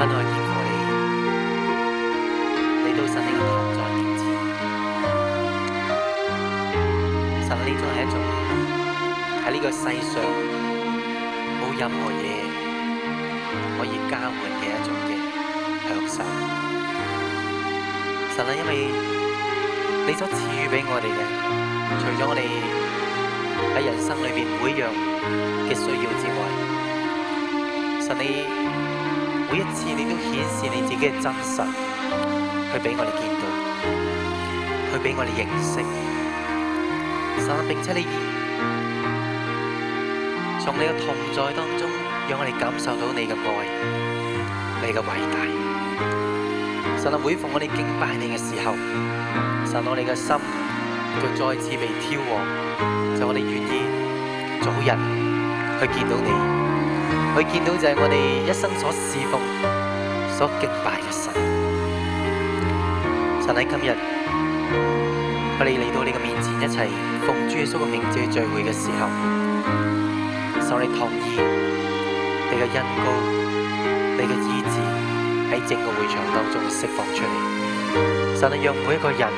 神愛點我哋，嚟到神呢個台在面前，神呢種係一種喺呢個世上冇任何嘢可以交換嘅一種嘅享受。神係因為你所賜予俾我哋嘅，除咗我哋喺人生裏邊每一樣嘅需要之外，神呢。每一次你都顯示你自己嘅真實，去俾我哋見到，去俾我哋認識。神啊，並且你從你嘅同在當中，讓我哋感受到你嘅愛，你嘅偉大。神啊，每逢我哋敬拜你嘅時候，神，我哋嘅心就再次被挑旺。就我哋願意早日去見到你。佢見到就係我哋一生所侍奉、所敬拜嘅神。神喺今日，當你嚟到你嘅面前一齊奉主耶穌嘅名字去聚會嘅時候，受你托治、你嘅恩膏，你嘅醫治喺整個會場當中釋放出嚟。神係讓每一個人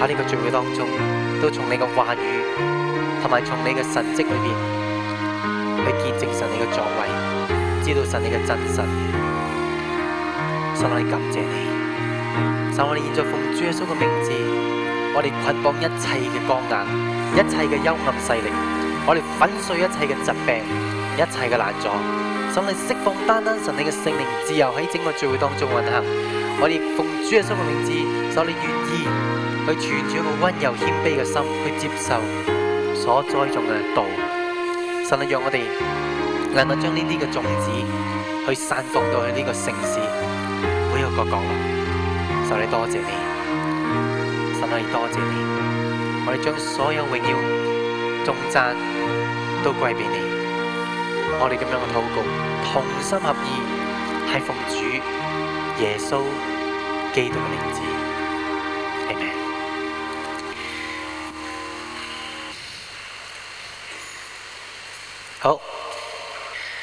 喺呢個聚會當中，都從你嘅話語同埋從你嘅神蹟裏面。證神你嘅座位，知道神你嘅真實，使我哋感謝你，使我哋現在奉主耶穌嘅名字，我哋捆綁一切嘅光眼，一切嘅幽暗勢力，我哋粉碎一切嘅疾病，一切嘅難阻，使我哋釋放單單神你嘅聖靈自由喺整個聚會當中運行，我哋奉主耶穌嘅名字，使我哋願意去存住一個溫柔謙卑嘅心去接受所栽種嘅道。神啊，讓我哋能夠將呢啲嘅種子去散播到去呢個城市每一個角落。神啊，多謝你，神啊，多謝你，我哋將所有榮耀、頌讚都歸俾你。我哋咁樣嘅禱告，同心合意，係奉主耶穌基督嘅名字。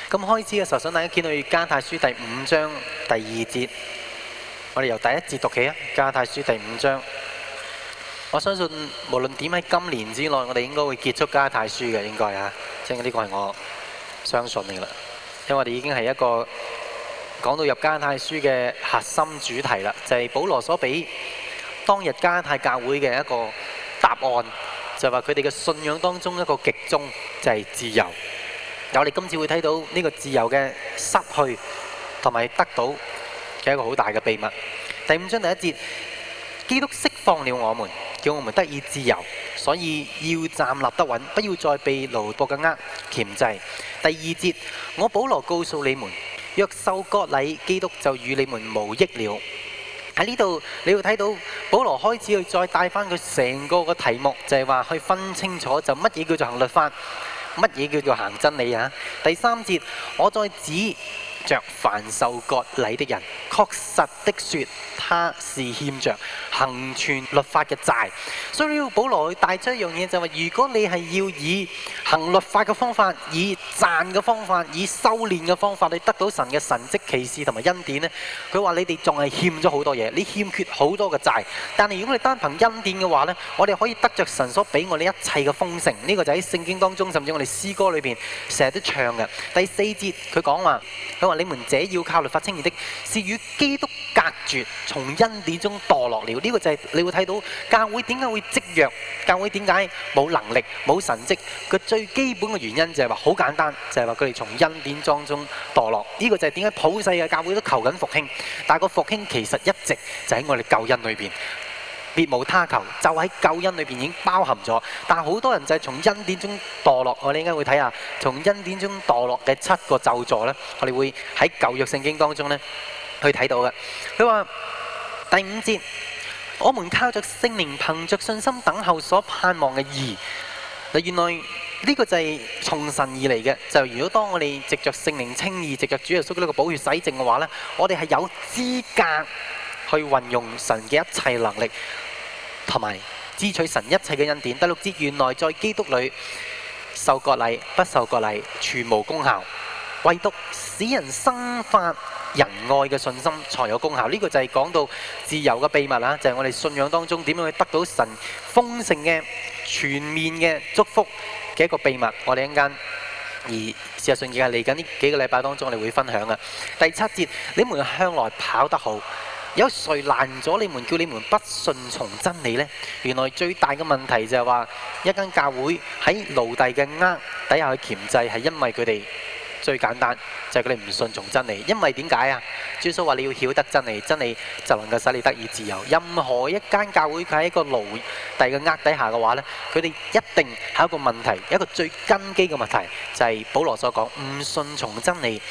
咁開始嘅時候，想大家見到《加泰書》第五章第二節，我哋由第一節讀起啊，《加泰書》第五章。我相信無論點喺今年之內，我哋應該會結束《加泰書》嘅，應該，即呢個係我相信你啦。因為我哋已經係一個講到入《加泰書》嘅核心主題啦，就係、是、保羅所俾當日加泰教會嘅一個答案，就話佢哋嘅信仰當中一個極中，就係、是、自由。有我哋今次會睇到呢個自由嘅失去同埋得到嘅一個好大嘅秘密。第五章第一節，基督釋放了我們，叫我們得以自由，所以要站立得穩，不要再被奴僕嘅軛挾制。第二節，我保羅告訴你們，若受割禮，基督就與你們無益了。喺呢度你會睇到保羅開始去再帶翻佢成個個題目，就係話去分清楚就乜嘢叫做行律法。乜嘢叫做行真理啊？第三節，我再指着凡受割禮的人，確實的說他是欠着行全律法嘅債。所以保羅帶出一樣嘢就係話：如果你係要以行律法嘅方法，以賺嘅方法，以修煉嘅方法，你得到神嘅神蹟奇事同埋恩典咧，佢話你哋仲係欠咗好多嘢，你欠缺好多嘅債。但係如果你單憑恩典嘅話咧，我哋可以得着神所俾我哋一切嘅豐盛。呢個就喺聖經當中，甚至我哋詩歌裏邊成日都唱嘅。第四節佢講話，佢話。你們這要靠律法稱義的，是與基督隔絕，從恩典中墮落了。呢、這個就係、是、你會睇到教會點解會積弱，教會點解冇能力、冇神蹟？個最基本嘅原因就係話好簡單，就係話佢哋從恩典當中墮落。呢、這個就係點解普世嘅教會都求緊復興，但係個復興其實一直就喺我哋救恩裏邊。別無他求，就喺救恩裏邊已經包含咗。但好多人就係從恩典中墮落，我哋應該會睇下從恩典中墮落嘅七個咒詛呢，我哋會喺舊約聖經當中呢去睇到嘅。佢話第五節，我們靠着聖靈憑着信心等候所盼望嘅義。嗱，原來呢個就係從神而嚟嘅。就如果當我哋藉着聖靈稱義，藉著主耶穌呢個寶血洗淨嘅話呢，我哋係有資格。去運用神嘅一切能力，同埋支取神一切嘅恩典。第六節，原來在基督裏受割禮不受割禮全無功效，唯獨使人生發仁愛嘅信心才有功效。呢個就係講到自由嘅秘密啦，就係我哋信仰當中點樣去得到神豐盛嘅全面嘅祝福嘅一個秘密。我哋一陣間，而事實上而家嚟緊呢幾個禮拜當中，我哋會分享嘅第七節，你們向來跑得好。有誰攔咗你們，叫你們不順從真理呢？原來最大嘅問題就係話一間教會喺奴隸嘅軛底下嘅鉗制，係因為佢哋最簡單就係佢哋唔順從真理。因為點解啊？主耶穌話你要曉得真理，真理就能夠使你得以自由。任何一間教會佢喺一個奴隸嘅軛底下嘅話呢，佢哋一定係一個問題，一個最根基嘅問題，就係、是、保羅所講唔順從真理，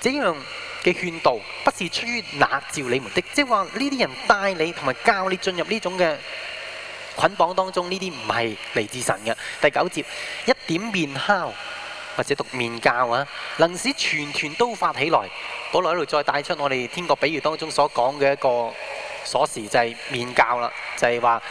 這樣。嘅勸導不是出於那召你們的，即係話呢啲人帶你同埋教你進入呢種嘅捆綁當中，呢啲唔係嚟自神嘅。第九節一點麵酵，或者讀麵酵啊，能使全團都發起來。保羅一路再帶出我哋天國比喻當中所講嘅一個鎖匙，就係、是、麵酵啦，就係、是、話。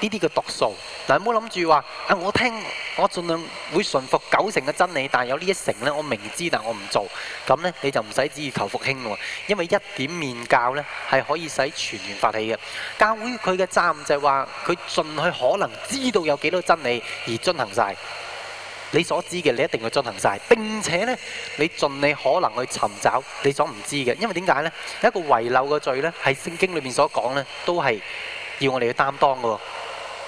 呢啲嘅毒素，但係唔好諗住話啊！我聽我盡量會順服九成嘅真理，但係有呢一成咧，我明知但係我唔做，咁咧你就唔使旨意求復興咯。因為一點麵教咧係可以使全員發起嘅教會，佢嘅責任就係話佢盡佢可能知道有幾多真理而進行晒你所知嘅，你一定要進行晒，並且咧你盡你可能去尋找你所唔知嘅，因為點解咧？一個遺漏嘅罪咧喺聖經裏面所講咧，都係要我哋去擔當嘅。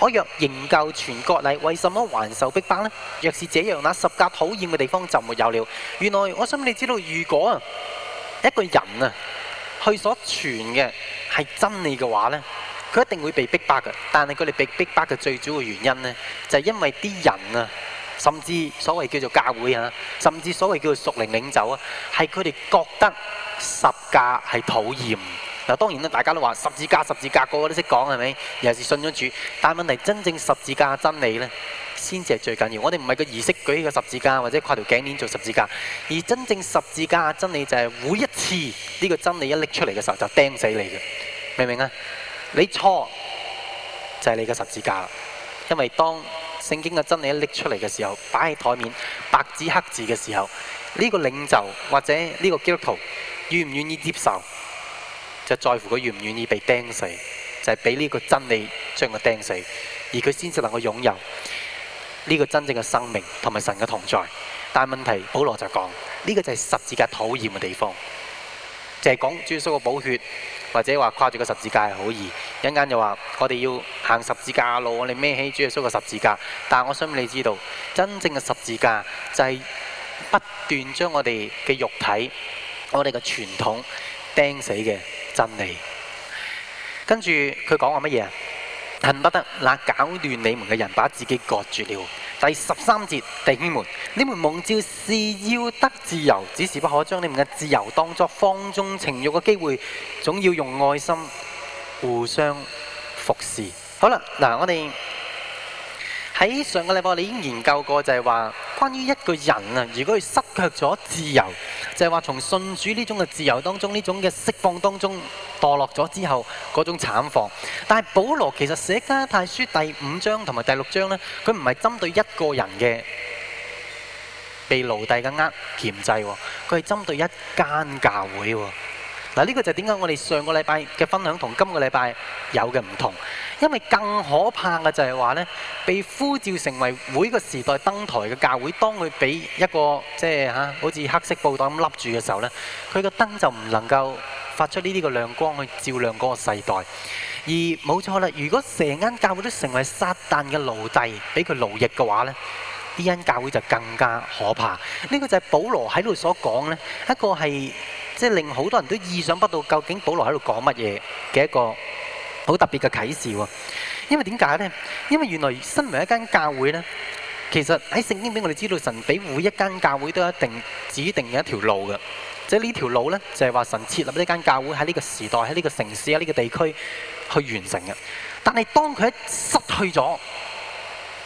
我若仍舊全國禮，為什麼還受逼迫，迫呢？若是這樣，那十架討厭嘅地方就沒有了。原來我想你知道，如果啊，一個人啊，佢所傳嘅係真理嘅話呢，佢一定會被逼迫嘅。但係佢哋被逼迫嘅最主要原因呢，就係、是、因為啲人啊，甚至所謂叫做教會啊，甚至所謂叫做屬靈領袖啊，係佢哋覺得十架係討厭。嗱，當然啦，大家都話十字架、十字架，個個都識講係咪？又係信咗主，但問題真正十字架真理呢，先至係最緊要。我哋唔係個儀式舉起個十字架，或者掛條頸鍊做十字架，而真正十字架真理就係每一次呢個真理一拎出嚟嘅時候就釘死你嘅，明唔明啊？你錯就係你嘅十字架啦，因為當聖經嘅真理一拎出嚟嘅時候，擺喺台面白紙黑字嘅時候，呢個領袖或者呢個基督徒願唔願意接受？就在乎佢願唔願意被釘死，就係俾呢個真理將佢釘死，而佢先至能夠擁有呢個真正嘅生命同埋神嘅同在。但係問題，保羅就講呢個就係十字架討厭嘅地方，就係講主耶穌嘅寶血，或者話跨住個十字架係好易。一陣間又話我哋要行十字架路，我哋孭起主耶穌嘅十字架。但係我相信你知道，真正嘅十字架就係不斷將我哋嘅肉體、我哋嘅傳統釘死嘅。真理，跟住佢講話乜嘢？恨不得那搞亂你們嘅人，把自己割絕了。第十三節，弟兄們，你們蒙召是要得自由，只是不可將你們嘅自由當作放縱情欲嘅機會，總要用愛心互相服侍。好啦，嗱，我哋喺上個禮拜你已經研究過就是說，就係話。關於一個人啊，如果佢失卻咗自由，就係話從信主呢種嘅自由當中，呢種嘅釋放當中墮落咗之後嗰種慘況。但係保羅其實寫加拉太書第五章同埋第六章呢，佢唔係針對一個人嘅被奴隸嘅呃，鉗制喎，佢係針對一間教會喎。嗱，呢個就點解我哋上個禮拜嘅分享同今個禮拜有嘅唔同？因為更可怕嘅就係話咧，被呼召成為每個時代燈台嘅教會，當佢俾一個即係嚇，好似黑色布袋咁笠住嘅時候咧，佢個燈就唔能夠發出呢啲嘅亮光去照亮嗰個世代。而冇錯啦，如果成間教會都成為撒但嘅奴隸，俾佢奴役嘅話咧，呢間教會就更加可怕。呢個就係保羅喺度所講咧，一個係。即係令好多人都意想不到，究竟保羅喺度講乜嘢嘅一個好特別嘅啟示喎。因為點解呢？因為原來身為一間教會呢，其實喺聖經俾我哋知道，神俾每一間教會都一定指定嘅一條路嘅。即係呢條路呢，就係話神設立呢間教會喺呢個時代、喺呢個城市、喺呢個地區去完成嘅。但係當佢一失去咗。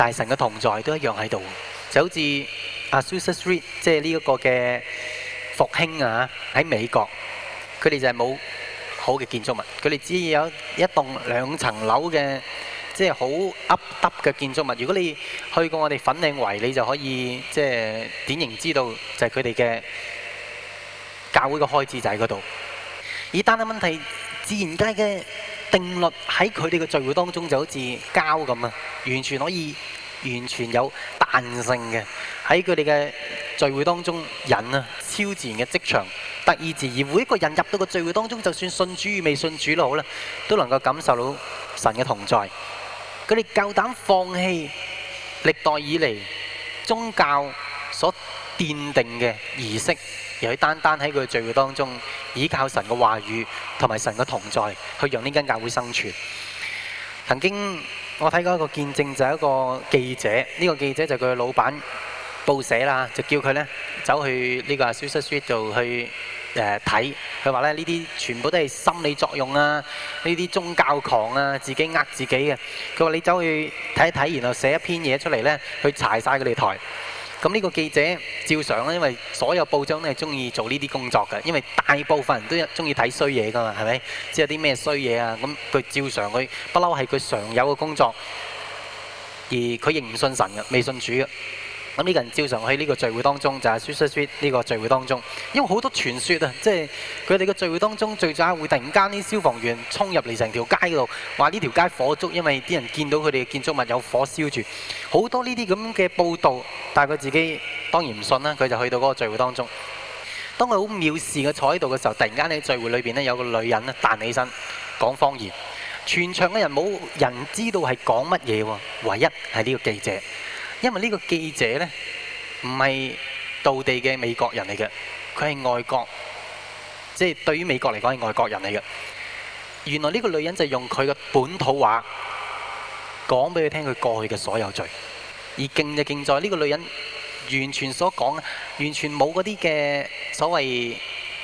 大神嘅同在都一樣喺度，就好似 Azusa Street，即係呢一個嘅復興啊，喺美國，佢哋就係冇好嘅建築物，佢哋只有一棟兩層樓嘅，即係好凹凸嘅建築物。如果你去過我哋粉嶺圍，你就可以即係典型知道就係佢哋嘅教會嘅開支就喺嗰度。而單單問題，自然界嘅。定律喺佢哋嘅聚會當中就好似膠咁啊，完全可以完全有彈性嘅喺佢哋嘅聚會當中人啊超自然嘅職場，得意自然，每一個人入到個聚會當中，就算信主與未信主都好啦，都能夠感受到神嘅同在。佢哋夠膽放棄歷代以嚟宗教所奠定嘅儀式。而佢單單喺佢嘅聚會當中，倚靠神嘅話語同埋神嘅同在，去讓呢間教會生存。曾經我睇過一個見證，就係一個記者，呢、這個記者就佢嘅老闆報社啦，就叫佢呢走去，這個、er 去呃、呢個啊舒斯舒度去誒睇。佢話咧呢啲全部都係心理作用啊，呢啲宗教狂啊，自己呃自己嘅。佢話你走去睇一睇，然後寫一篇嘢出嚟呢，去柴晒佢哋台。咁呢個記者照常咧，因為所有報章都係中意做呢啲工作嘅，因為大部分人都有中意睇衰嘢噶嘛，係咪？即係啲咩衰嘢啊？咁佢照常佢，不嬲係佢常有嘅工作，而佢亦唔信神嘅，未信主嘅。咁呢個人照常喺呢個聚會當中，就係 Sweet Sweet 呢個聚會當中，因為好多傳説啊，即係佢哋嘅聚會當中，最早會突然間啲消防員衝入嚟成條街度，話呢條街火燭，因為啲人見到佢哋嘅建築物有火燒住，好多呢啲咁嘅報道，但係佢自己當然唔信啦，佢就去到嗰個聚會當中。當佢好藐視嘅坐喺度嘅時候，突然間喺聚會裏邊呢，有個女人咧彈起身講方言，全場嘅人冇人知道係講乜嘢喎，唯一係呢個記者。因為呢個記者呢，唔係道地嘅美國人嚟嘅，佢係外國，即係對於美國嚟講係外國人嚟嘅。原來呢個女人就係用佢嘅本土話講俾佢聽佢過去嘅所有罪，而勁就勁在呢個女人完全所講，完全冇嗰啲嘅所謂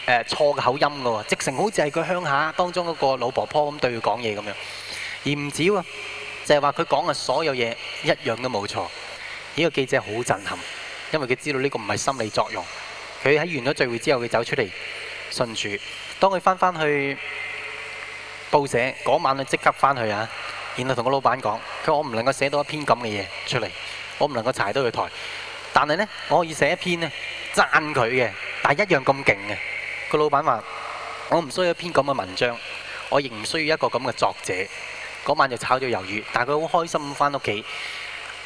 誒錯嘅口音嘅喎，直情好似係佢鄉下當中嗰個老婆婆咁對佢講嘢咁樣，而唔止喎，就係話佢講嘅所有嘢一樣都冇錯。呢個記者好震撼，因為佢知道呢個唔係心理作用。佢喺完咗聚會之後，佢走出嚟，順住。當佢翻返去報社嗰晚，佢即刻翻去啊，然後同個老闆講：佢話我唔能夠寫到一篇咁嘅嘢出嚟，我唔能夠踩到佢台。但係呢，我可以寫一篇咧讚佢嘅，但係一樣咁勁嘅。個老闆話：我唔需要一篇咁嘅文章，我亦唔需要一個咁嘅作者。嗰晚就炒咗魷魚，但係佢好開心咁翻屋企。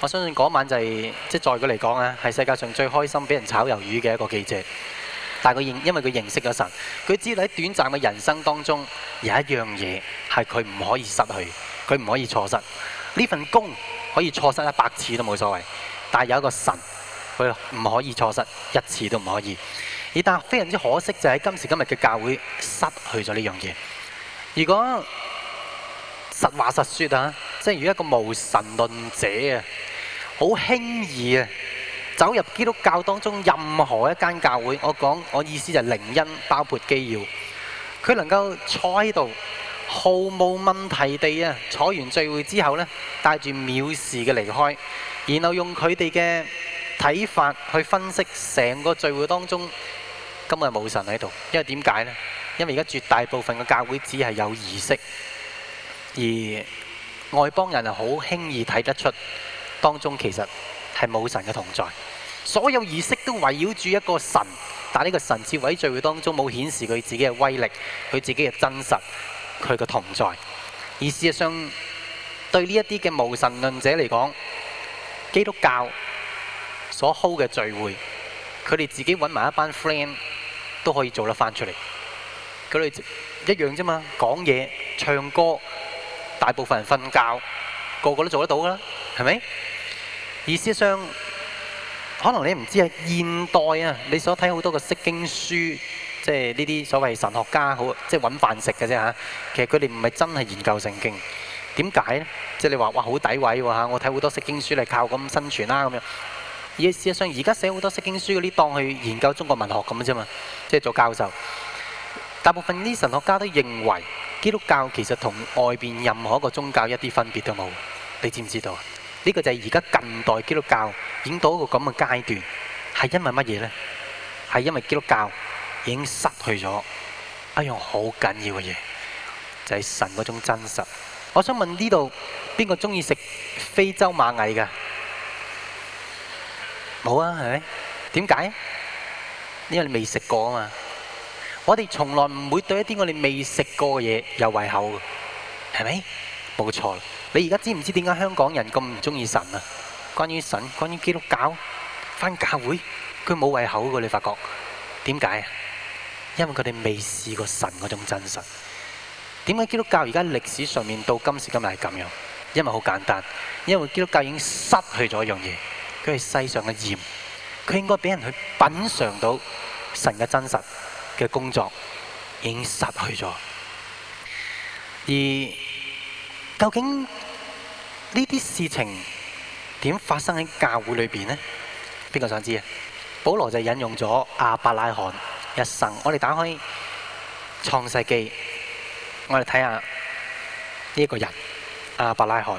我相信嗰晚就係、是、即在佢嚟講啊，係世界上最開心俾人炒魷魚嘅一個記者。但係佢認，因為佢認識咗神，佢知道喺短暫嘅人生當中有一樣嘢係佢唔可以失去，佢唔可以錯失。呢份工可以錯失一百次都冇所謂，但係有一個神佢唔可以錯失一次都唔可以。而但係非常之可惜就係今時今日嘅教會失去咗呢樣嘢。如果實話實説啊，即係如果一個無神論者啊，好輕易啊，走入基督教當中任何一間教會，我講我意思就靈恩包括基要，佢能夠坐喺度毫無問題地啊，坐完聚會之後咧，帶住藐視嘅離開，然後用佢哋嘅睇法去分析成個聚會當中今日冇神喺度，因為點解呢？因為而家絕大部分嘅教會只係有儀式。而外邦人係好輕易睇得出，當中其實係冇神嘅同在。所有儀式都圍繞住一個神，但呢個神喺聚會當中冇顯示佢自己嘅威力，佢自己嘅真實，佢嘅同在。而事實上，對呢一啲嘅無神論者嚟講，基督教所 hold 嘅聚會，佢哋自己揾埋一班 friend 都可以做得翻出嚟。佢哋一樣啫嘛，講嘢、唱歌。大部分人瞓覺，個個都做得到噶啦，係咪？意思上，可能你唔知啊。現代啊，你所睇好多個釋經書，即係呢啲所謂神學家，好即係揾飯食嘅啫嚇。其實佢哋唔係真係研究聖經，點解咧？即係你話哇好詆毀喎嚇！我睇好多釋經書嚟靠咁生存啦咁樣。而事實上，而家寫好多釋經書嗰啲，當去研究中國文學咁啫嘛，即係做教授。大部分啲神學家都認為。基督教其實同外邊任何一個宗教一啲分別都冇，你知唔知道？呢個就係而家近代基督教已經到一個咁嘅階段，係因為乜嘢呢？係因為基督教已經失去咗一樣好緊要嘅嘢，就係神嗰種真實。我想問呢度邊個鍾意食非洲螞蟻㗎？冇啊，係咩？點解？因為你未食過啊嘛。我哋從來唔會對一啲我哋未食過嘅嘢有胃口嘅，係咪？冇錯啦！你而家知唔知點解香港人咁唔中意神啊？關於神，關於基督教，返教會佢冇胃口嘅，你發覺點解啊？因為佢哋未試過神嗰種真實。點解基督教而家歷史上面到今時今日係咁樣？因為好簡單，因為基督教已經失去咗一樣嘢，佢係世上嘅鹽。佢應該俾人去品嚐到神嘅真實。嘅工作已經失去咗，而究竟呢啲事情點發生喺教會裏邊呢？邊個想知啊？保羅就引用咗亞伯拉罕一神，我哋打開創世記，我哋睇下呢一個人亞伯拉罕。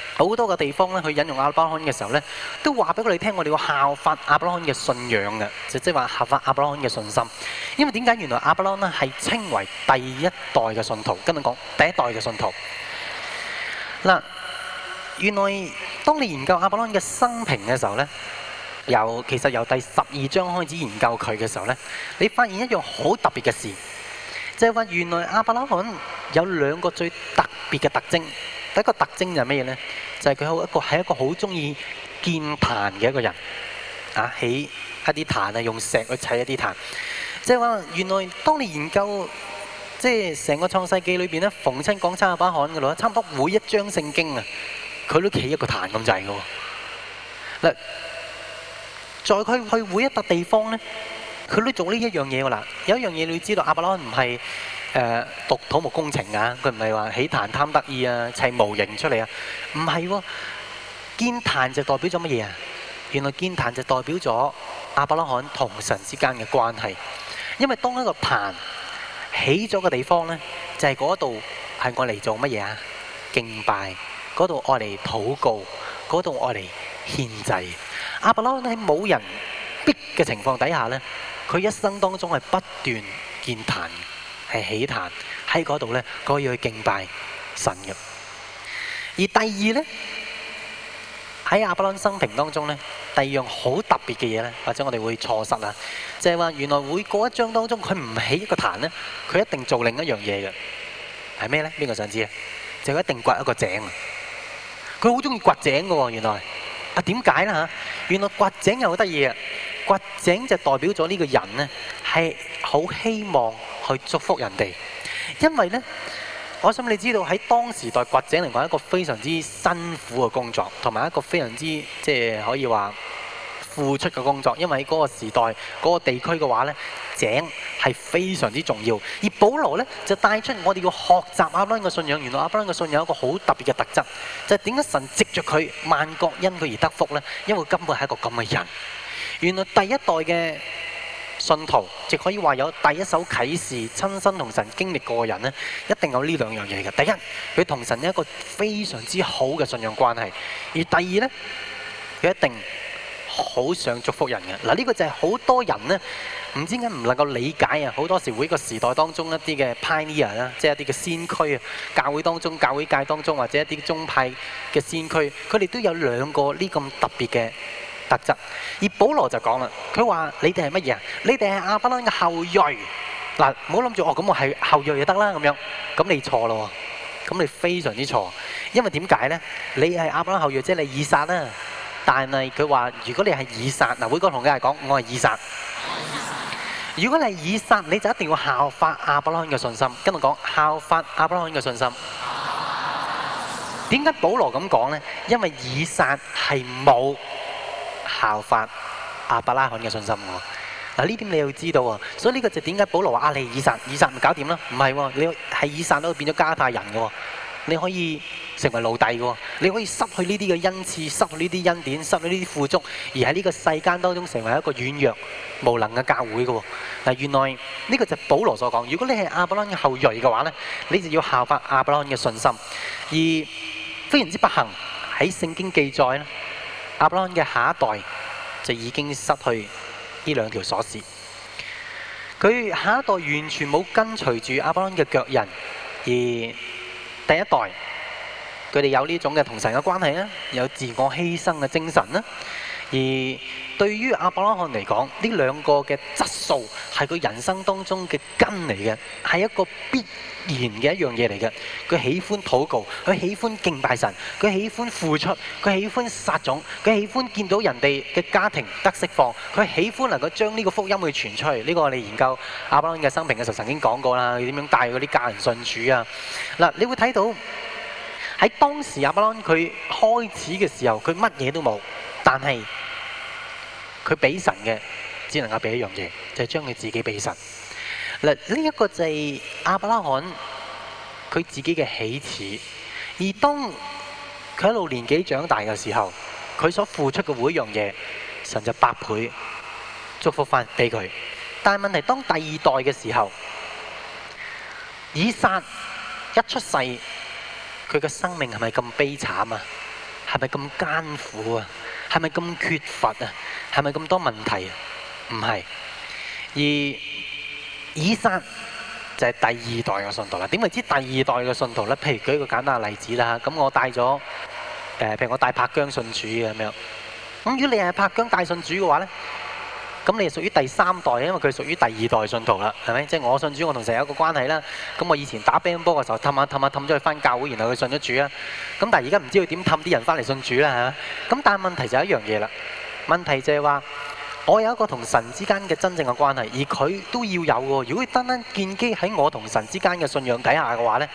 好多嘅地方咧，去引用亞伯拉罕嘅時候咧，都話俾佢哋聽，我哋要效法亞伯拉罕嘅信仰嘅，就即係話效法亞伯拉罕嘅信心。因為點解？原來亞伯拉罕呢係稱為第一代嘅信徒。今日講第一代嘅信徒。嗱，原來當你研究亞伯拉罕嘅生平嘅時候咧，由其實由第十二章開始研究佢嘅時候咧，你發現一樣好特別嘅事，就係話原來亞伯拉罕有兩個最特別嘅特徵。第一個特徵就係咩咧？就係佢有一個係一個好中意建壇嘅一個人，啊起一啲壇啊，用石去砌一啲壇。即係話原來當你研究即係成個創世記裏邊咧，逢親講親阿巴罕嘅咯，差唔多每一章聖經啊，佢都起一個壇咁滯嘅喎。嗱，在佢去每一笪地方咧，佢都做呢一樣嘢嘅啦。有一樣嘢你要知道，亞伯拉罕唔係。誒、呃，讀土木工程啊，佢唔係話起壇貪得意啊，砌模型出嚟啊，唔係喎，建壇就代表咗乜嘢啊？原來建壇就代表咗阿伯拉罕同神之間嘅關係，因為當一個壇起咗嘅地方呢，就係嗰度係我嚟做乜嘢啊？敬拜嗰度愛嚟禱告，嗰度愛嚟獻祭。阿伯拉罕喺冇人逼嘅情況底下呢，佢一生當中係不斷建壇。係起壇喺嗰度咧，可以去敬拜神嘅。而第二咧，喺亞伯蘭生平當中咧，第二樣好特別嘅嘢咧，或者我哋會錯失啊，就係話原來每嗰一章當中佢唔起一個壇咧，佢一定做另一樣嘢嘅，係咩咧？邊個想知啊？就一定掘一個井啊！佢好中意掘井嘅喎。原來啊，點解咧嚇？原來掘井又好得意啊！掘井就代表咗呢個人咧係好希望。去祝福人哋，因為咧，我想你知道喺當時代掘井嚟講，一個非常之辛苦嘅工作，同埋一個非常之即係可以話付出嘅工作。因為喺嗰個時代、嗰個地區嘅話咧，井係非常之重要。而保羅咧就帶出我哋要學習亞伯蘭嘅信仰。原來亞伯蘭嘅信仰有一個好特別嘅特質，就係點解神藉著佢萬國因佢而得福咧？因為根本係一個咁嘅人。原來第一代嘅信徒，亦可以話有第一手啟示，親身同神經歷過人呢，一定有呢兩樣嘢嘅。第一，佢同神有一個非常之好嘅信仰關係；而第二呢，佢一定好想祝福人嘅。嗱，呢個就係好多人呢，唔知點解唔能夠理解啊！好多時會每個時代當中一啲嘅 pioneer 啦，即係一啲嘅先驅啊，教會當中、教會界當中或者一啲宗派嘅先驅，佢哋都有兩個呢咁特別嘅。特質，而保羅就講啦，佢話：你哋係乜嘢啊？你哋係亞伯拉罕嘅後裔。嗱，唔好諗住哦，咁我係後裔就得啦咁樣，咁你錯咯喎，咁你非常之錯。因為點解咧？你係亞伯拉罕後裔，即係你以撒啦。但係佢話：如果你係以撒，嗱，會哥同佢係講，我係以撒。如果你係以撒，你就一定要效法亞伯拉罕嘅信心。跟我講，效法亞伯拉罕嘅信心。點解保羅咁講咧？因為以撒係冇。效法阿伯拉罕嘅信心，我嗱呢點你要知道啊。所以呢個就點解保羅話阿里以撒，以撒唔搞掂啦。唔係喎，你係以撒都變咗加太人嘅，你可以成為奴隸嘅，你可以失去呢啲嘅恩賜，失去呢啲恩典，失去呢啲富足，而喺呢個世間當中成為一個軟弱無能嘅教會嘅。嗱，原來呢、這個就係保羅所講，如果你係阿伯拉罕嘅後裔嘅話咧，你就要效法阿伯拉罕嘅信心。而非常之不幸喺聖經記載咧。阿伯朗嘅下一代就已經失去呢兩條鎖匙，佢下一代完全冇跟隨住阿伯朗嘅腳印，而第一代佢哋有呢種嘅同神嘅關係啦，有自我犧牲嘅精神啦。而對於亞伯拉罕嚟講，呢兩個嘅質素係佢人生當中嘅根嚟嘅，係一個必然嘅一樣嘢嚟嘅。佢喜歡禱告，佢喜歡敬拜神，佢喜歡付出，佢喜歡撒種，佢喜歡見到人哋嘅家庭得釋放，佢喜歡能夠將呢個福音去傳出去。呢個我哋研究亞伯拉罕嘅生平嘅時候曾經講過啦，佢點樣帶嗰啲家人信主啊？嗱，你會睇到喺當時亞伯拉罕佢開始嘅時候，佢乜嘢都冇。但係佢俾神嘅，只能夠俾一樣嘢，就係將佢自己俾神。嗱，呢一個就係阿伯拉罕佢自己嘅起始。而當佢喺度年紀長大嘅時候，佢所付出嘅每一樣嘢，神就百倍祝福翻俾佢。但係問題，當第二代嘅時候，以撒一出世，佢嘅生命係咪咁悲慘啊？係咪咁艱苦啊？係咪咁缺乏啊？係咪咁多問題啊？唔係，而以撒就係第二代嘅信徒啦。點解知第二代嘅信徒咧？譬如舉一個簡單嘅例子啦。咁我帶咗誒，譬、呃、如我帶柏疆信主嘅咁樣。咁如果你係柏疆大信主嘅話咧？咁你係屬於第三代，因為佢屬於第二代信徒啦，係咪？即係我信主，我同神有一個關係啦。咁我以前打乒乓波嘅時候，氹下氹下氹咗佢翻教會，然後佢信咗主啊。咁但係而家唔知佢點氹啲人翻嚟信主啦嚇。咁但係問題就係一樣嘢啦。問題就係話，我有一個同神之間嘅真正嘅關係，而佢都要有喎。如果單單建基喺我同神之間嘅信仰底下嘅話呢，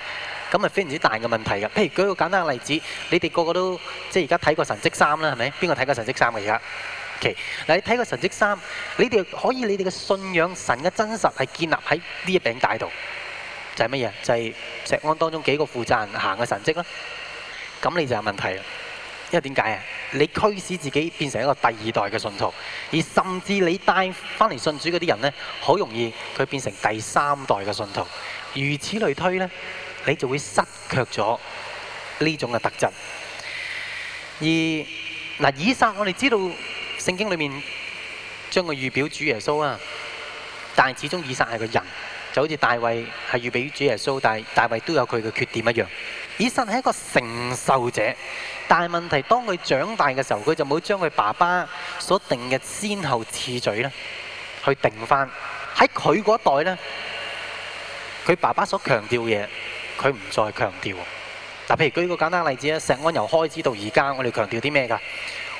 咁咪非常之大嘅問題嘅。譬如舉一個簡單嘅例子，你哋個個都即係而家睇過神蹟三啦，係咪？邊個睇過神蹟三嘅而家？嗱，你睇個神蹟三，你哋可以你哋嘅信仰神嘅真實係建立喺呢一頂大度，就係乜嘢？就係、是、石安當中幾個負責人行嘅神蹟啦。咁你就有問題啦，因為點解啊？你驅使自己變成一個第二代嘅信徒，而甚至你帶翻嚟信主嗰啲人呢，好容易佢變成第三代嘅信徒。如此類推呢，你就會失卻咗呢種嘅特質。而嗱，以撒我哋知道。聖經裏面將佢預表主耶穌啊，但係始終以撒係個人，就好似大衛係預表主耶穌，但係大衛都有佢嘅缺點一樣。以撒係一個承受者，但係問題當佢長大嘅時候，佢就冇將佢爸爸所定嘅先後次序咧，去定翻喺佢嗰代咧。佢爸爸所強調嘅嘢，佢唔再強調。嗱，譬如舉個簡單例子啊，石安由開始到而家，我哋強調啲咩㗎？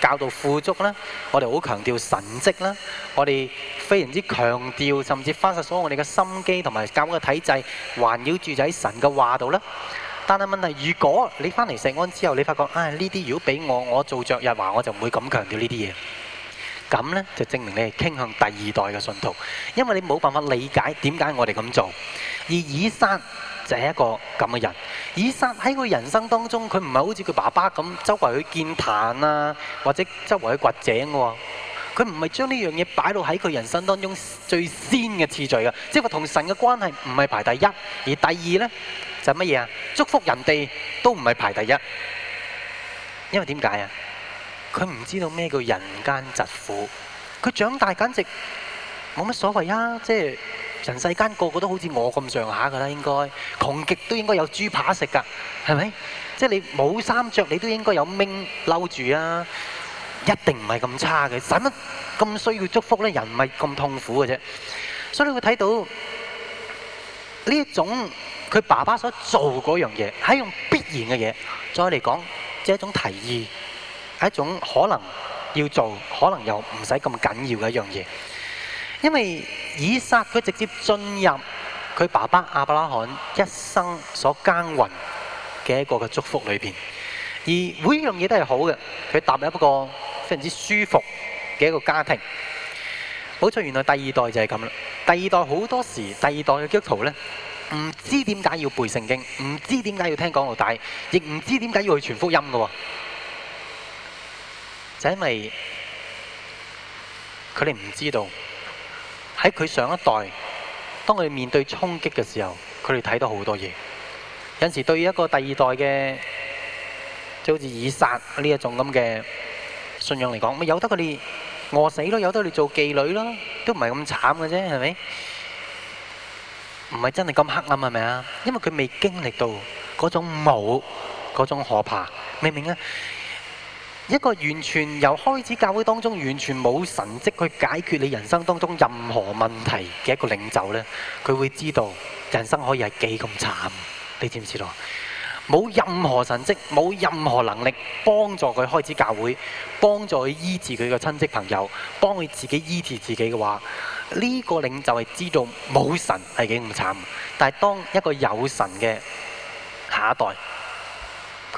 教到富足啦，我哋好強調神蹟啦，我哋非常之強調，甚至花晒所有我哋嘅心機同埋教嘅體制，環繞住喺神嘅話度啦。但係問題，如果你翻嚟錫安之後，你發覺唉呢啲如果俾我我做着日話，我就唔會咁強調呢啲嘢。咁呢，就證明你係傾向第二代嘅信徒，因為你冇辦法理解點解我哋咁做，而以山。就係一個咁嘅人，以撒喺佢人生當中，佢唔係好似佢爸爸咁周圍去建壇啊，或者周圍去掘井嘅喎，佢唔係將呢樣嘢擺到喺佢人生當中最先嘅次序嘅，即係話同神嘅關係唔係排第一，而第二呢，就係乜嘢啊？祝福人哋都唔係排第一，因為點解啊？佢唔知道咩叫人間疾苦，佢長大簡直冇乜所謂啊！即係。人世間個個都好似我咁上下㗎啦，應該窮極都應該有豬扒食㗎，係咪？即係你冇衫著，你都應該有棉褸住啊！一定唔係咁差嘅，使乜咁需要祝福咧？人唔係咁痛苦嘅啫，所以你會睇到呢一種佢爸爸所做嗰樣嘢，係一種必然嘅嘢，再嚟講即係一種提議，係一種可能要做，可能又唔使咁緊要嘅一樣嘢。因為以撒佢直接進入佢爸爸亞伯拉罕一生所耕耘嘅一個嘅祝福裏邊，而每一樣嘢都係好嘅，佢踏入一個非常之舒服嘅一個家庭。好彩，原來第二代就係咁啦。第二代好多時，第二代嘅基督徒呢，唔知點解要背聖經，唔知點解要聽講道，大亦唔知點解要去傳福音嘅喎，就因為佢哋唔知道。喺佢上一代，當佢哋面對衝擊嘅時候，佢哋睇到好多嘢。有時對於一個第二代嘅，就好似以撒呢一種咁嘅信仰嚟講，咪由得佢哋餓死咯，由得佢哋做妓女咯，都唔係咁慘嘅啫，係咪？唔係真係咁黑暗係咪啊？因為佢未經歷到嗰種無，嗰種可怕，明唔明啊？一個完全由開始教會當中完全冇神蹟去解決你人生當中任何問題嘅一個領袖呢，佢會知道人生可以係幾咁慘，你知唔知道？冇任何神蹟，冇任何能力幫助佢開始教會，幫助佢醫治佢嘅親戚朋友，幫佢自己醫治自己嘅話，呢個領袖係知道冇神係幾咁慘。但係當一個有神嘅下一代。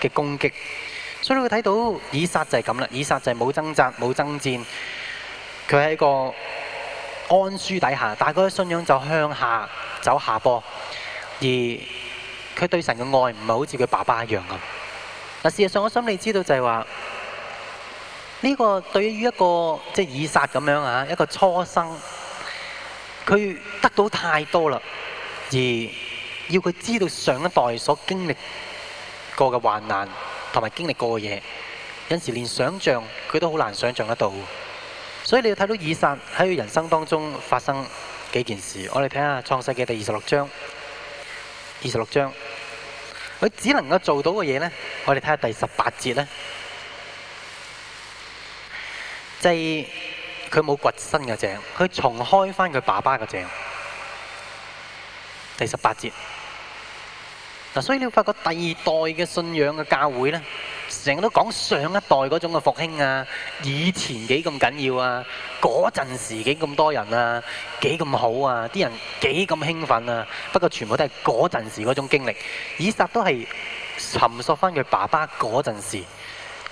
嘅攻擊，所以你會睇到以撒就係咁啦，以撒就係冇掙扎冇爭戰，佢喺一個安舒底下，但係佢嘅信仰就向下走下坡，而佢對神嘅愛唔係好似佢爸爸一樣咁。但事實上，我心裏知道就係話，呢個對於一個即係以撒咁樣啊，一個初生，佢得到太多啦，而要佢知道上一代所經歷。過嘅患難同埋經歷過嘅嘢，有陣時連想象佢都好難想象得到。所以你要睇到以撒喺佢人生當中發生幾件事，我哋睇下創世記第二十六章。二十六章，佢只能夠做到嘅嘢呢，我哋睇下第十八節呢。即係佢冇掘新嘅井，佢重開返佢爸爸嘅井。第十八節。嗱，所以你會發覺第二代嘅信仰嘅教會呢，成日都講上一代嗰種嘅復興啊，以前幾咁緊要啊，嗰陣時幾咁多，多人啊，幾咁好啊，啲人幾咁興奮啊。不過全部都係嗰陣時嗰種經歷，以撒都係尋索返佢爸爸嗰陣時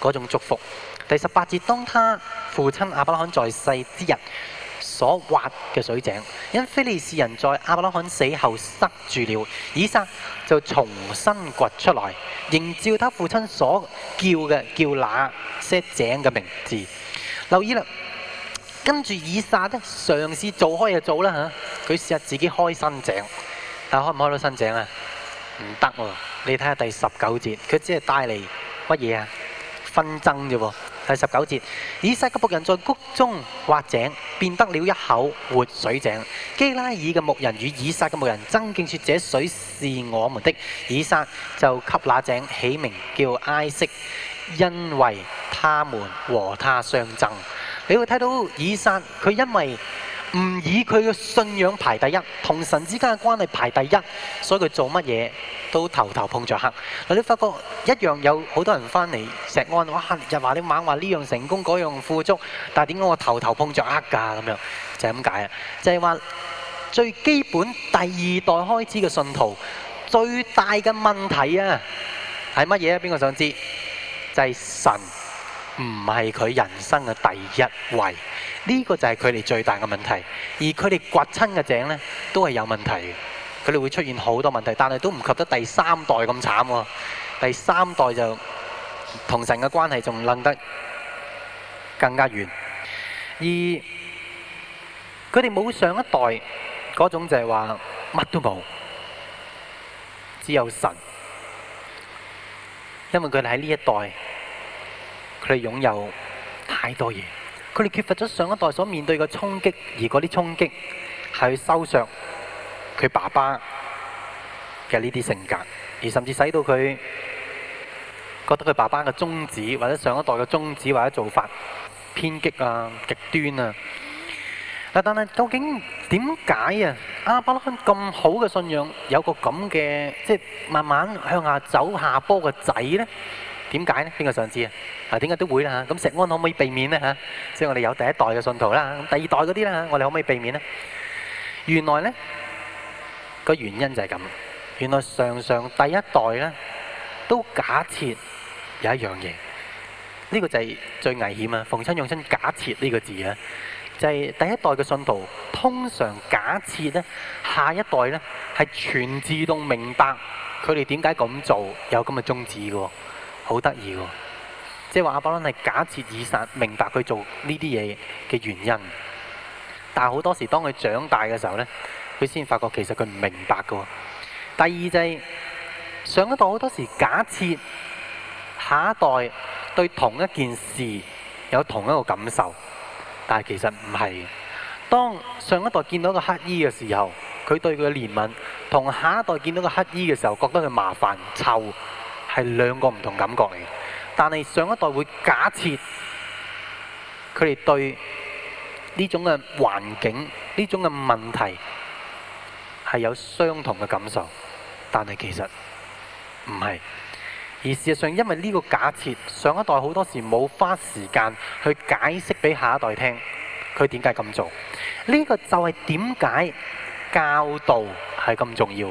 嗰種祝福。第十八節，當他父親亞伯拉罕在世之日。所挖嘅水井，因非利士人在亞伯拉罕死後塞住了，以撒就重新掘出來，應照他父親所叫嘅叫那些井嘅名字。留意啦，跟住以撒呢，嘗試做開就做啦吓，佢試下自己開新井，但、啊、係開唔開到新井啊？唔得喎！你睇下第十九節，佢只係帶嚟乜嘢啊？紛爭啫喎！第十九節，以撒嘅僕人在谷中挖井，變得了一口活水井。基拉耳嘅牧人與以撒嘅牧人爭競，説：這水是我們的。以撒就給那井起名叫埃色，因為他們和他相爭。你會睇到以撒，佢因為。唔以佢嘅信仰排第一，同神之間嘅關係排第一，所以佢做乜嘢都頭頭碰着黑。嗱，你發覺一樣有好多人翻嚟石安，哇！又話你猛話呢樣成功，嗰樣富足，但係點解我頭頭碰着黑㗎？咁樣就係咁解啊！就係、是、話、就是、最基本第二代開始嘅信徒最大嘅問題啊，係乜嘢啊？邊個想知？就係、是、神。唔係佢人生嘅第一位，呢個就係佢哋最大嘅問題。而佢哋掘親嘅井呢，都係有問題嘅。佢哋會出現好多問題，但係都唔及得第三代咁慘喎。第三代就同神嘅關係仲淪得更加遠，而佢哋冇上一代嗰種就係話乜都冇，只有神。因為佢哋喺呢一代。佢哋擁有太多嘢，佢哋缺乏咗上一代所面對嘅衝擊，而嗰啲衝擊係收削佢爸爸嘅呢啲性格，而甚至使到佢覺得佢爸爸嘅宗旨或者上一代嘅宗旨或者做法偏激啊、極端啊。但係究竟點解啊？亞伯拉罕咁好嘅信仰，有個咁嘅即係慢慢向下走下坡嘅仔呢？點解咧？邊個上司啊？啊，點解都會啦？嚇，咁石安可唔可以避免咧？嚇，所以我哋有第一代嘅信徒啦，咁第二代嗰啲咧，我哋可唔可以避免咧？原來呢個原因就係咁。原來常常第一代咧都假設有一樣嘢，呢個就係最危險啊！逢親用親，假設呢個字啊，就係第一代嘅信徒通常假設咧，下一代咧係全自動明白佢哋點解咁做，有咁嘅宗旨嘅。好得意喎！即係話阿伯倫係假設以撒明白佢做呢啲嘢嘅原因，但係好多時當佢長大嘅時候咧，佢先發覺其實佢唔明白嘅。第二就係上一代好多時假設下一代對同一件事有同一個感受，但係其實唔係。當上一代見到個乞兒嘅時候，佢對佢嘅憐憫，同下一代見到個乞兒嘅時候覺得佢麻煩臭。係兩個唔同感覺嚟嘅，但係上一代會假設佢哋對呢種嘅環境、呢種嘅問題係有相同嘅感受，但係其實唔係。而事實上，因為呢個假設，上一代好多時冇花時間去解釋俾下一代聽，佢點解咁做。呢個就係點解教導係咁重要。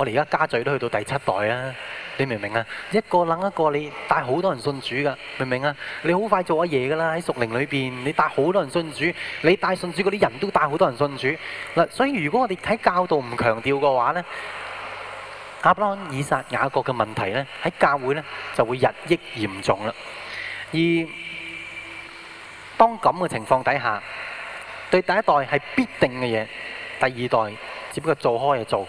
我哋而家家墜都去到第七代啦，你明唔明啊？一個諗一個，你帶好多人信主㗎，明唔明啊？你好快做阿爺㗎啦，喺屬靈裏邊，你帶好多人信主，你帶信主嗰啲人都帶好多人信主。嗱，所以如果我哋喺教導唔強調嘅話咧，亞伯蘭、以撒、雅各嘅問題咧，喺教會咧就會日益嚴重啦。而當咁嘅情況底下，對第一代係必定嘅嘢，第二代只不過做開就做。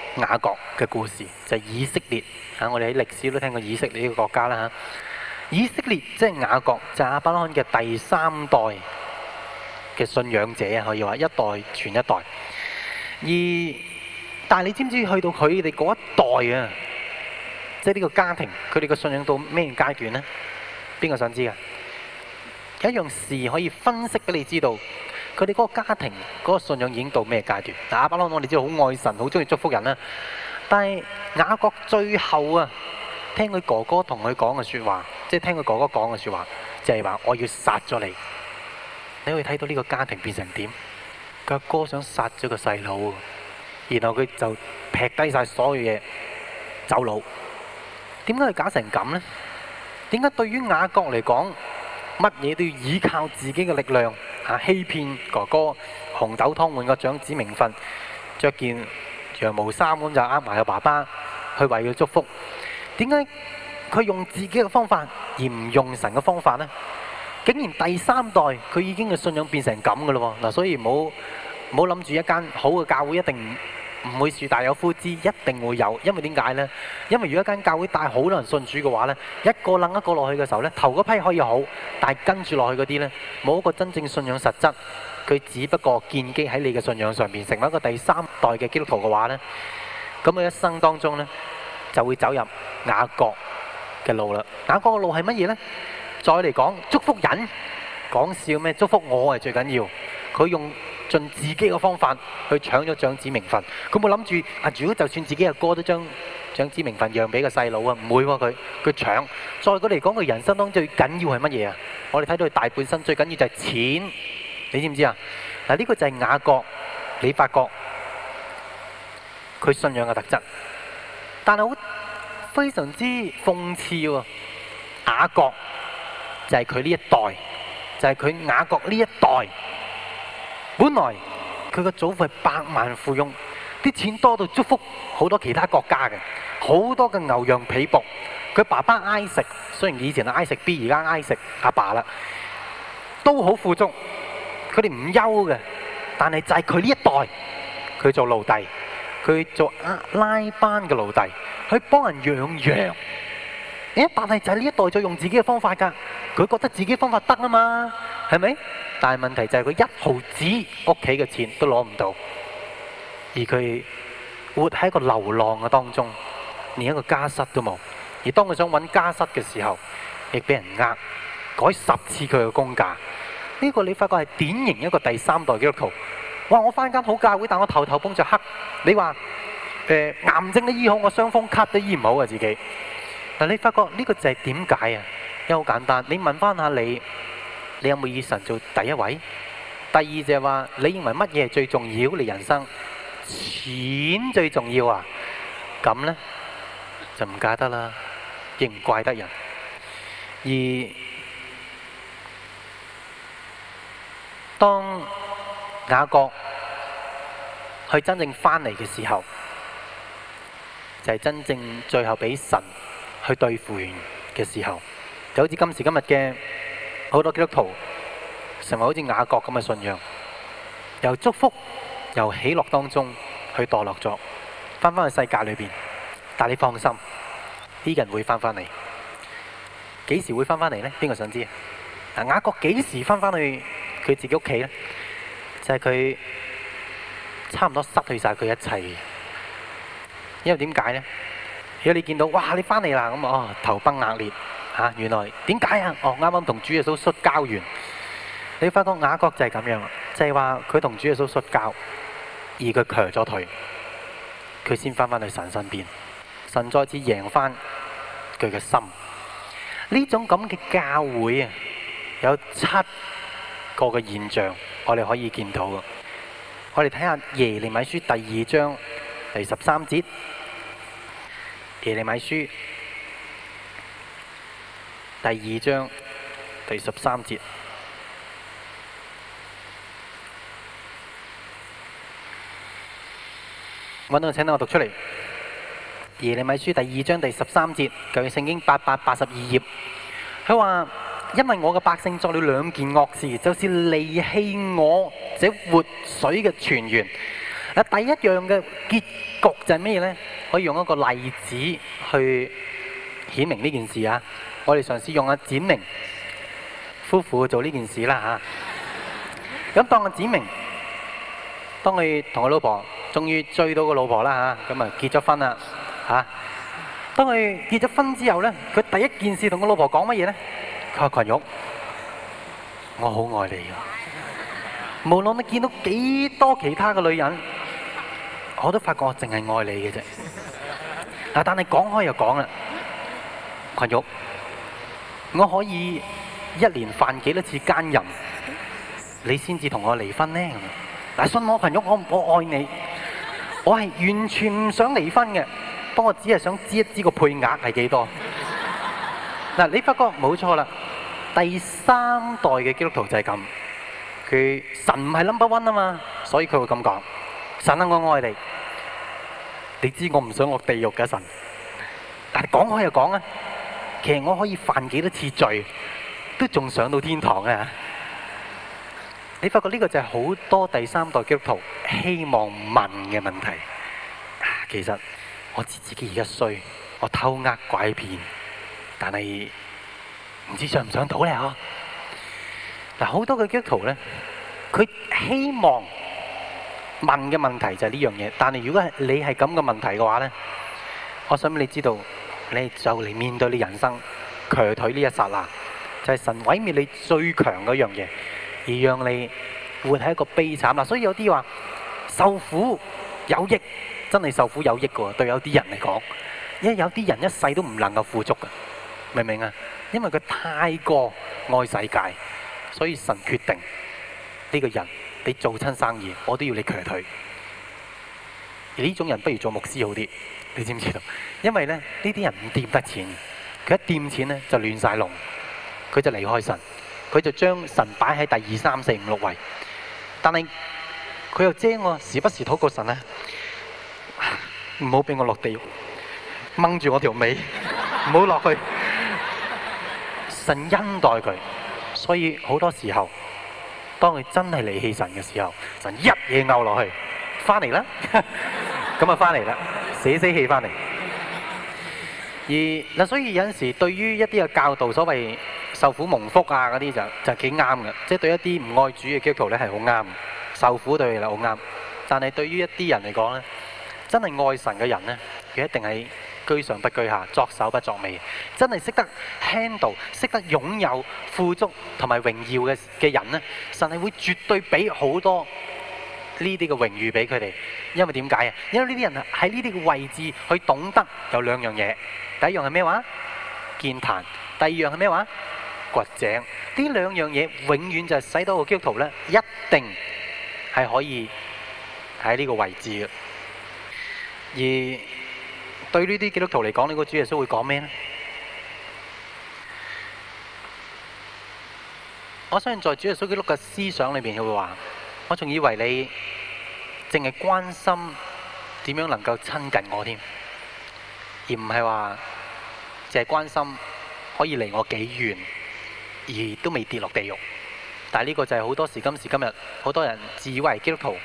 雅各嘅故事就係、是、以色列。我哋喺歷史都聽過以色列呢個國家啦吓。以色列即係雅各，就係、是、亞伯拉罕嘅第三代嘅信仰者啊，可以話一代傳一代。而但係你知唔知去到佢哋嗰一代啊，即係呢個家庭，佢哋嘅信仰到咩階段呢？邊個想知啊？有一樣事可以分析俾你知道。佢哋嗰個家庭嗰個信仰已經到咩階段？嗱，阿爸攞我哋知道好愛神，好中意祝福人啦。但係雅各最後啊，聽佢哥哥同佢講嘅説話，即係聽佢哥哥講嘅説話，就係話我要殺咗你。你可以睇到呢個家庭變成點？佢阿哥想殺咗個細佬，然後佢就劈低晒所有嘢走佬。點解佢搞成咁呢？點解對於雅各嚟講？乜嘢都要依靠自己嘅力量嚇，欺騙哥哥，紅豆湯換個長子名分，着件羊毛衫，咁就啱埋個爸爸去為佢祝福。點解佢用自己嘅方法而唔用神嘅方法呢？竟然第三代佢已經嘅信仰變成咁嘅咯喎。嗱，所以唔好唔好諗住一間好嘅教會一定。唔會樹大有枯枝，一定會有，因為點解呢？因為如果間教會帶好多人信主嘅話呢，一個楞一個落去嘅時候呢，頭嗰批可以好，但係跟住落去嗰啲呢，冇一個真正信仰實質，佢只不過建基喺你嘅信仰上面成為一個第三代嘅基督徒嘅話呢，咁佢一生當中呢就會走入雅各嘅路啦。雅各嘅路係乜嘢呢？再嚟講祝福人講笑咩？祝福我係最緊要，佢用，盡自己嘅方法去搶咗長子名份，佢冇諗住啊！如果就算自己個哥都將長子名份讓俾個細佬啊，唔會喎佢，佢搶。在佢嚟講，佢人生當中最緊要係乜嘢啊？我哋睇到佢大半生最緊要就係錢，你知唔知啊？嗱，呢個就係雅各，你發覺佢信仰嘅特質，但係好非常之諷刺喎，雅各就係佢呢一代，就係佢雅各呢一代。本來佢個祖父係百萬富翁，啲錢多到祝福好多其他國家嘅，好多嘅牛羊皮薄。佢爸爸挨食，雖然以前挨食 B，而家挨食阿爸啦，都好富足。佢哋唔休嘅，但係就係佢呢一代，佢做奴隸，佢做阿拉班嘅奴隸，去幫人養羊。誒、欸，但係就係呢一代在用自己嘅方法㗎，佢覺得自己的方法得啊嘛，係咪？但係問題就係佢一毫子屋企嘅錢都攞唔到，而佢活喺一個流浪嘅當中，連一個家室都冇。而當佢想揾家室嘅時候，亦俾人呃，改十次佢嘅工價。呢、這個你發覺係典型一個第三代基督徒。哇！我翻間好教會，但我頭頭碰着黑。你話誒癌症都醫好，我傷風咳都醫唔好啊自己。嗱，你發覺呢個就係點解啊？又好簡單，你問翻下你，你有冇以神做第一位？第二就係話，你認為乜嘢係最重要？你人生錢最重要啊？咁呢就唔怪得啦，亦唔怪得人。而當雅各去真正翻嚟嘅時候，就係真正最後俾神。去對付完嘅時候，就好似今時今日嘅好多基督徒，成為好似雅各咁嘅信仰，由祝福由喜樂當中去墮落咗，翻返去世界裏邊。但你放心，啲人會翻返嚟。幾時會翻返嚟呢？邊個想知啊？啊！雅各幾時翻返去佢自己屋企呢？就係佢差唔多失去晒佢一切，因為點解呢？如果你見到哇，你翻嚟啦咁啊，頭崩額裂嚇，原來點解啊？哦，啱啱同主耶穌摔跤完，你發覺雅各就係咁樣啦，就係話佢同主耶穌摔跤，而佢強咗腿，佢先翻翻去神身邊，神再次贏翻佢嘅心。呢種咁嘅教會啊，有七個嘅現象，我哋可以見到。我哋睇下耶利米書第二章第十三節。耶利米書第二章第十三節，搵到請到我讀出嚟。耶利米書第二章第十三節，舊約聖經八百八十二頁，佢話：因為我嘅百姓作了兩件惡事，就是離棄我這活水嘅泉源。第一樣嘅結局就係咩呢？可以用一個例子去顯明呢件事啊！我哋嘗試用阿展明夫婦做呢件事啦嚇。咁當阿展明當佢同佢老婆終於追到個老婆啦嚇，咁啊就結咗婚啦嚇。當佢結咗婚之後呢，佢第一件事同個老婆講乜嘢呢？佢話：群玉，我好愛你㗎！無論你見到幾多其他嘅女人，我都發覺我淨係愛你嘅啫。但係講開又講啦，群玉，我可以一年犯幾多次奸淫，你先至同我離婚呢？嗱，信我，群玉，我我愛你，我係完全唔想離婚嘅，不過只係想知一知個配額係幾多。嗱， 你發覺冇錯啦，第三代嘅基督徒就係咁，佢神唔係 number one 啊嘛，所以佢會咁講，神啊，我愛你。你知我唔想落地獄嘅神，但講開又講啊，其實我可以犯幾多次罪，都仲上到天堂啊！你發覺呢個就係好多第三代基督徒希望問嘅問題。其實我知自己而家衰，我偷呃拐騙，但係唔知上唔上到咧呵。嗱，好多嘅基督徒咧，佢希望問嘅問題就係呢樣嘢，但係如果係你係咁嘅問題嘅話呢，我想俾你知道，你就嚟面對你人生瘸腿呢一剎那，就係神毀滅你最強嗰樣嘢，而讓你活喺一個悲慘呀。所以有啲話受苦有益，真係受苦有益嘅，對有啲人嚟講，因為有啲人一世都唔能夠富足嘅，明唔明啊？因為佢太過愛世界，所以神決定呢個人。你做親生意，我都要你強退。而呢種人不如做牧師好啲，你知唔知道？因為咧，呢啲人唔掂得錢，佢一掂錢呢，就亂晒龍，佢就離開神，佢就將神擺喺第二三四五六位。但係佢又嗟我，時不時討個神呢，唔好畀我落地獄，掹住我條尾，唔好落去。神恩待佢，所以好多時候。當佢真係離棄神嘅時候，神一嘢拗落去，翻嚟啦，咁啊翻嚟啦，死死氣翻嚟。而嗱，所以有陣時，對於一啲嘅教導，所謂受苦蒙福啊嗰啲就就幾啱嘅，即係對一啲唔愛主嘅基督徒咧係好啱，受苦對佢嚟講好啱。但係對於一啲人嚟講咧，真係愛神嘅人咧，佢一定係。居上不居下，作首不作尾，真係識得 handle，識得擁有富足同埋榮耀嘅嘅人咧，神係會絕對俾好多呢啲嘅榮譽俾佢哋。因為點解啊？因為呢啲人喺呢啲嘅位置，佢懂得有兩樣嘢。第一樣係咩話？建壇；第二樣係咩話？掘井。呢兩樣嘢永遠就係使到個基督徒咧，一定係可以喺呢個位置嘅。而對呢啲基督徒嚟講，呢個主耶穌會講咩呢？我相信在主耶穌基督嘅思想裏面，佢會話：我仲以為你淨係關心點樣能夠親近我添，而唔係話淨係關心可以離我幾遠而都未跌落地獄。但係呢個就係好多時今時今日好多人自以為基督徒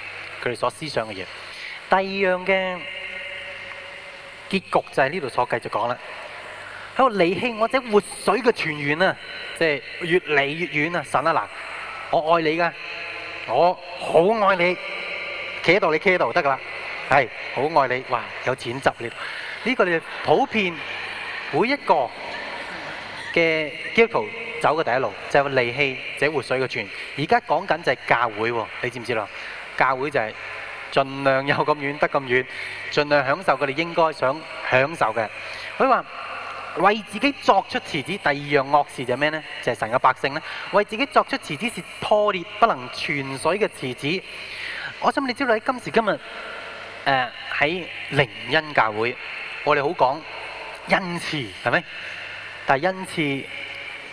佢哋所思想嘅嘢。第二樣嘅。結局就係呢度所繼續講啦，喺度離棄我這活水嘅泉源啊，即係越嚟越遠啊！神啊嗱，我愛你㗎，我好愛你，企喺度，你企喺度得㗎啦，係好愛你，哇有錢執了，呢個你哋普遍每一個嘅基督徒走嘅第一路就係離棄這活水嘅泉源，而家講緊就係教會喎，你知唔知咯？教會就係。盡量有咁遠得咁遠，盡量享受佢哋應該想享受嘅。佢話為自己作出池子，第二樣惡事就係咩呢？就係、是、神嘅百姓呢，為自己作出池子是破裂不能存水嘅池子。我想問你，知道喺今時今日，誒喺靈恩教會，我哋好講恩賜，係咪？但係恩賜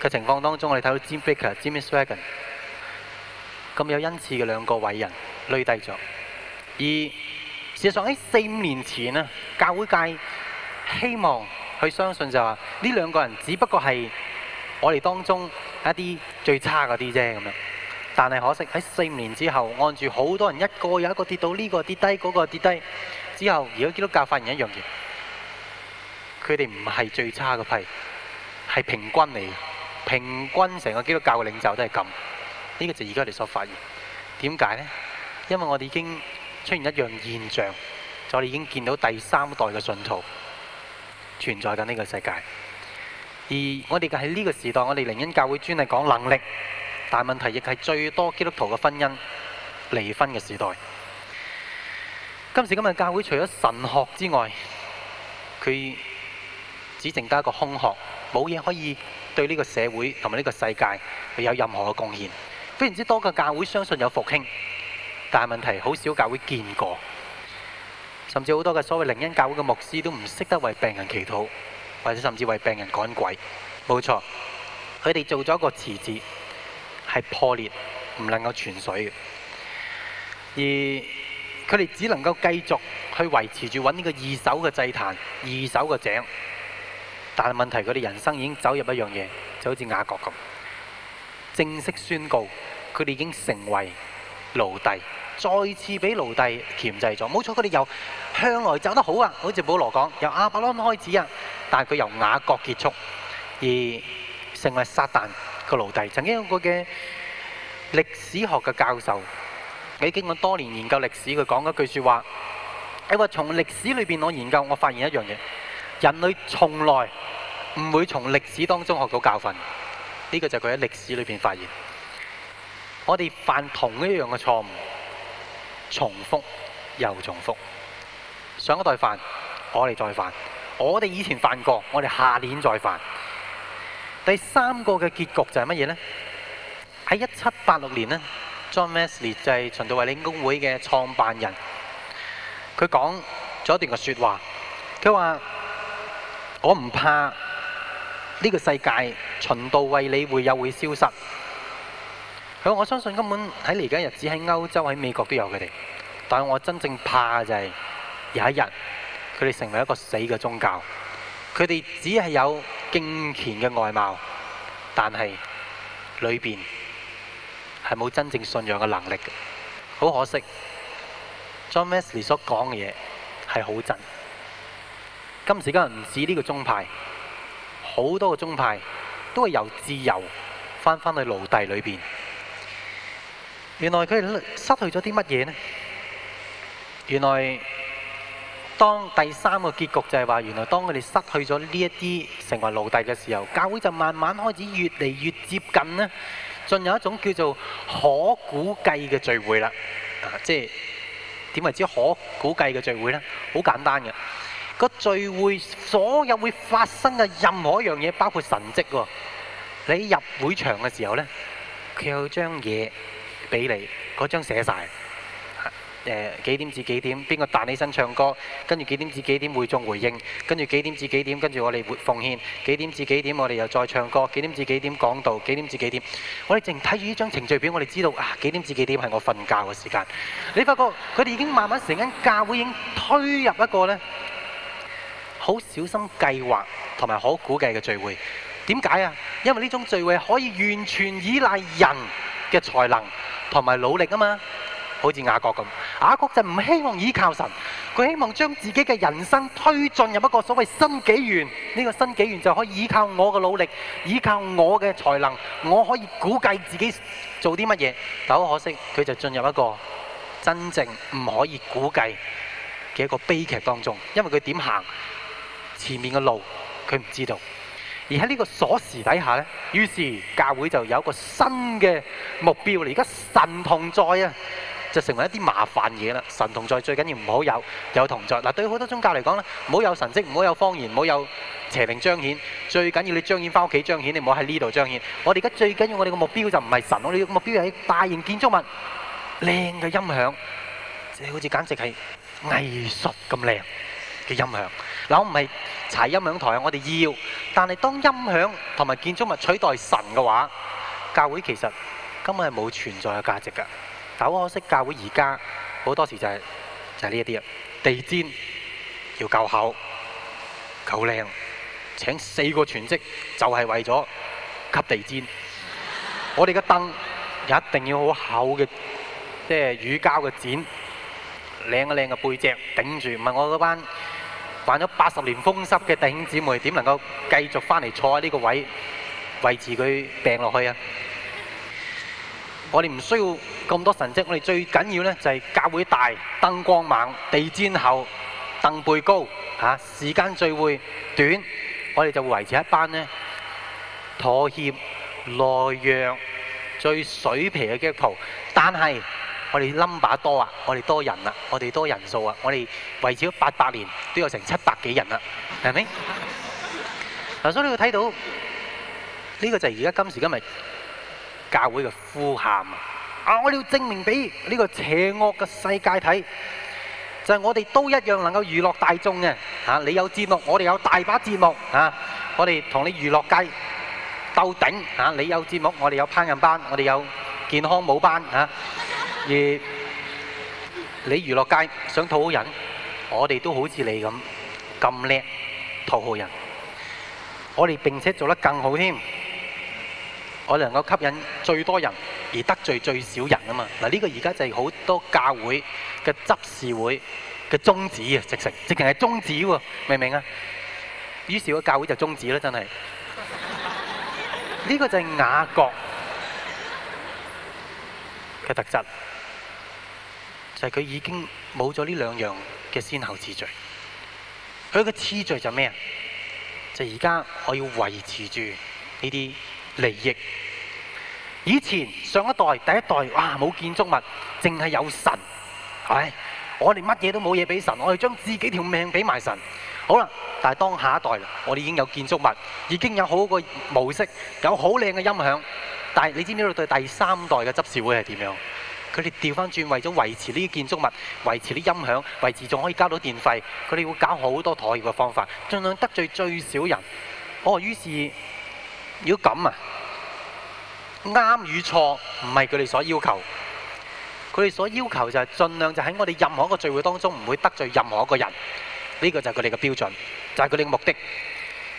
嘅情況當中，我哋睇到 Jim Baker、Jimmy Swaggart 咁有恩賜嘅兩個偉人，累低咗。而事實上喺四五年前啊，教會界希望去相信就話呢兩個人只不過係我哋當中一啲最差嗰啲啫咁樣。但係可惜喺四五年之後，按住好多人一個有一個跌到呢個跌低，嗰個跌低之後，而家基督教發現一樣嘢，佢哋唔係最差嗰批，係平均嚟，平均成個基督教嘅領袖都係咁。呢個就係而家我哋所發現。點解呢？因為我哋已經。出現一樣現象，就係我哋已經見到第三代嘅信徒存在緊呢個世界。而我哋嘅喺呢個時代，我哋靈恩教會專係講能力，但問題亦係最多基督徒嘅婚姻離婚嘅時代。今時今日教會除咗神學之外，佢只剩低一個空殼，冇嘢可以對呢個社會同埋呢個世界有任何嘅貢獻。非常之多嘅教會相信有復興。但係問題，好少教會見過，甚至好多嘅所謂靈恩教會嘅牧師都唔識得為病人祈禱，或者甚至為病人趕鬼。冇錯，佢哋做咗一個池子，係破裂，唔能夠存水嘅。而佢哋只能夠繼續去維持住揾呢個二手嘅祭壇、二手嘅井。但係問題，佢哋人生已經走入一樣嘢，就好似雅各咁，正式宣告佢哋已經成為奴隸。再次俾奴隸鉗制咗，冇錯，佢哋由向來走得好啊，好似保羅講，由亞伯拉罕開始啊，但係佢由雅各結束，而成為撒旦個奴隸。曾經有個嘅歷史學嘅教授，你經過多年研究歷史，佢講嗰句説話，係話從歷史裏邊我研究，我發現一樣嘢，人類從來唔會從歷史當中學到教訓。呢個就係佢喺歷史裏邊發現，我哋犯同一樣嘅錯誤。重複又重複，上一代犯，我哋再犯，我哋以前犯過，我哋下年再犯。第三個嘅結局就係乜嘢呢？喺一七八六年呢，John Wesley 就係循道衞理公會嘅創辦人，佢講咗一段嘅説話，佢話：我唔怕呢個世界循道衞理會又會消失。佢我相信根本喺嚟而日子喺歐洲喺美國都有佢哋，但係我真正怕就係有一日佢哋成為一個死嘅宗教，佢哋只係有敬虔嘅外貌，但係裏邊係冇真正信仰嘅能力嘅。好可惜，John Wesley 所講嘅嘢係好真。今時今日唔止呢個宗派，好多個宗派都係由自由翻返去奴隸裏邊。原來佢哋失去咗啲乜嘢呢？原來當第三個結局就係話，原來當佢哋失去咗呢一啲成為奴隸嘅時候，教會就慢慢開始越嚟越接近呢，進入一種叫做可估計嘅聚會啦。啊，即係點為之可估計嘅聚會呢？好簡單嘅，個聚會所有會發生嘅任何一樣嘢，包括神蹟喎。你入會場嘅時候呢，佢有張嘢。俾你嗰張寫晒，誒，幾點至幾點邊個彈起身唱歌，跟住幾點至幾點會眾回應，跟住幾點至幾點跟住我哋會奉獻，幾點至幾點我哋又再唱歌，幾點至幾點講道，幾點至幾點我哋淨睇住呢張程序表，我哋知道啊，幾點至幾點係我瞓覺嘅時間。你發覺佢哋已經慢慢成間教會已經推入一個呢，好小心計劃同埋好估計嘅聚會。點解啊？因為呢種聚會可以完全依賴人嘅才能。同埋努力啊嘛，好似雅各咁，雅各就唔希望依靠神，佢希望將自己嘅人生推進入一個所謂新紀元，呢、這個新紀元就可以依靠我嘅努力，依靠我嘅才能，我可以估計自己做啲乜嘢。但好可惜，佢就進入一個真正唔可以估計嘅一個悲劇當中，因為佢點行前面嘅路，佢唔知道。而喺呢個鎖匙底下咧，於是教會就有個新嘅目標啦。而家神同在啊，就成為一啲麻煩嘢啦。神同在最緊要唔好有，有同在嗱。對好多宗教嚟講咧，唔好有神蹟，唔好有方言，唔好有邪靈彰顯。最緊要你彰顯返屋企彰顯，你唔好喺呢度彰顯。我哋而家最緊要我哋嘅目標就唔係神，我哋嘅目標係大型建築物、靚嘅音響。即係好似簡直係藝術咁靚嘅音響。嗱，我唔係柴音響台啊！我哋要，但係當音響同埋建築物取代神嘅話，教會其實根本係冇存在嘅價值嘅。但係好可惜，教會而家好多時就係就係呢一啲啊！地氈要夠厚、夠靚，請四個全職就係為咗吸地氈。我哋嘅燈一定要好厚嘅，即係乳膠嘅剪，靚啊靚嘅背脊頂住，唔係我嗰班。患咗八十年風濕嘅弟兄姊妹，點能夠繼續翻嚟坐喺呢個位維持佢病落去啊？我哋唔需要咁多神蹟，我哋最緊要呢就係教會大、燈光猛、地氈厚、凳背高嚇，時間聚會短，我哋就維持一班呢妥協懦弱、最水皮嘅基督徒，但係。我哋 number 多啊，我哋多人啊，我哋多人數啊，我哋維持咗八百年都有成七百幾人啦，係咪？ 所以你會睇到呢個就係而家今時今日教會嘅呼喊啊！我哋要證明俾呢個邪惡嘅世界睇，就係我哋都一樣能夠娛樂大眾嘅嚇。你有節目，我哋有大把節目嚇。我哋同你娛樂界鬥頂嚇。你有節目，我哋有烹飪班，我哋有健康舞班嚇。而你娛樂界想討好人，我哋都好似你咁咁叻討好人，我哋並且做得更好添，我哋能夠吸引最多人而得罪最少人啊嘛！嗱，呢個而家就係好多教會嘅執事會嘅宗旨啊，直情直情係宗旨喎，明唔明啊？於是個教會就宗旨啦，真係。呢個就係雅各嘅特質。就佢已經冇咗呢兩樣嘅先後次序。佢嘅次序就咩啊？就而家可以維持住呢啲利益。以前上一代第一代，哇冇建築物，淨係有神、哎，係我哋乜嘢都冇嘢俾神，我哋將自己條命俾埋神。好啦，但係當下一代啦，我哋已經有建築物，已經有好個模式，有好靚嘅音響。但係你知唔知道對第三代嘅執事會係點樣？佢哋調翻轉，為咗維持呢啲建築物，維持啲音響，維持仲可以交到電費，佢哋會搞好多妥協嘅方法，儘量得罪最少人。哦，於是如果咁啊，啱與錯唔係佢哋所要求，佢哋所要求就係儘量就喺我哋任何一個聚會當中唔會得罪任何一個人。呢個就係佢哋嘅標準，就係佢哋嘅目的。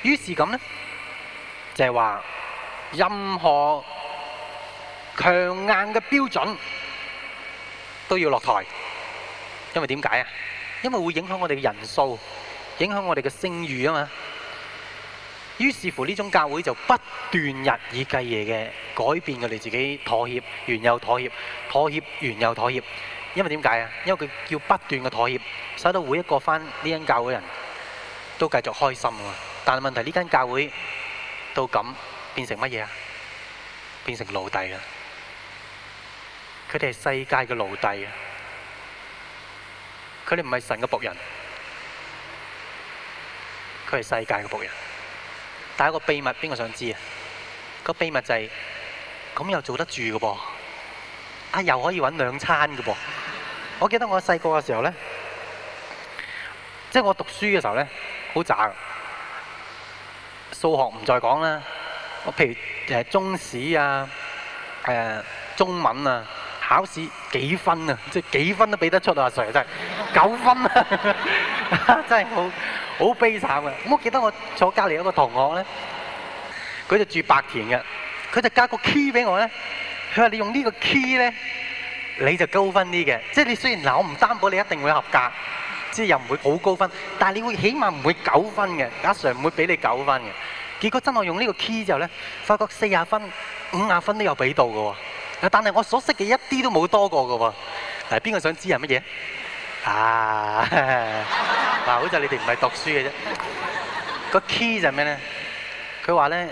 於是咁呢，就係話任何強硬嘅標準，都要落台，因為點解啊？因為會影響我哋嘅人數，影響我哋嘅聲譽啊嘛。於是乎呢種教會就不斷日以繼夜嘅改變佢哋自己妥協，完又妥協，妥協，完又妥協。因為點解啊？因為佢叫不斷嘅妥協，使到每一個返呢間教會人都繼續開心啊。但係問題呢間教會到咁變成乜嘢啊？變成奴隸啦！佢哋係世界嘅奴隸啊！佢哋唔係神嘅僕人，佢係世界嘅僕人。但係一個秘密，邊個想知啊？個秘密就係咁又做得住嘅噃，啊又可以揾兩餐嘅噃。我記得我細個嘅時候咧，即係我讀書嘅時候咧，好渣嘅。數學唔再講啦，我譬如誒中史啊、誒中文啊。考試幾分啊？即係幾分都俾得出啊！阿 Sir 真係九分啊！呵呵，真係好好悲慘嘅、啊。我記得我坐隔離有一個同學咧，佢就住白田嘅，佢就加個 key 俾我咧。佢話你用呢個 key 咧，你就高分啲嘅。即係你雖然嗱，我唔擔保你一定會合格，即係又唔會好高分，但係你會起碼唔會九分嘅。阿 Sir 唔會俾你九分嘅。結果真係我用呢個 key 之後咧，發覺四廿分、五廿分都有俾到㗎喎。但係我所識嘅一啲都冇多過㗎喎，係邊個想知係乜嘢？啊！嗱，好似係你哋唔係讀書嘅啫。個 key 就係咩咧？佢話咧，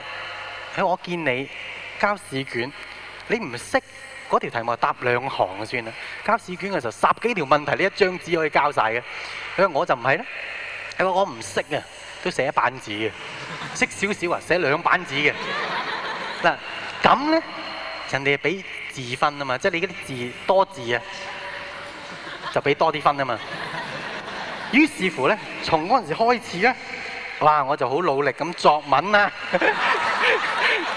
喺我見你交試卷，你唔識嗰條題目答兩行就算啦。交試卷嘅時候，十幾條問題，你一張紙可以交曬嘅。佢話我就唔係咧，係話唔識啊，都寫一版紙嘅，識少少啊，寫兩版紙嘅。嗱，咁咧，人哋俾。字分啊嘛，即係你嗰啲字多字啊，就俾多啲分啊嘛。於是乎咧，從嗰陣時開始咧，哇，我就好努力咁作文啊，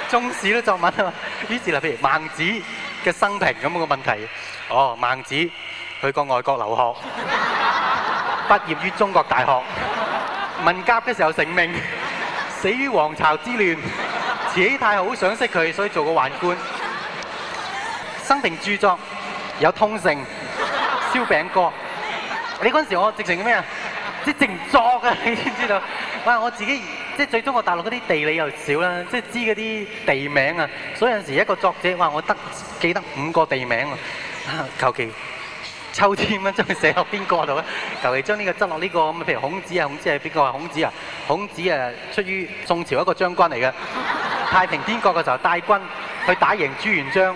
中史都作文啊嘛。於是啦，譬如孟子嘅生平咁個問題，哦，孟子去過外國留學，畢業於中國大學，文革嘅時候成名，死於皇朝之亂，慈禧太后好想識佢，所以做個宦官。生平著作有通勝，燒餅歌。你嗰陣時我直情咩啊？即係直作啊！你知唔知道？哇！我自己即係最中國大陸嗰啲地理又少啦，即係知嗰啲地名啊。所以有陣時一個作者哇，我得記得五個地名啊！求其抽籤啊，將佢寫落邊個度咧？求其將呢個執落呢個咁，譬如孔子啊，孔子係邊個啊？孔子啊，孔子啊，出於宋朝一個將軍嚟嘅。太平天國嘅時候，帶軍去打贏朱元璋。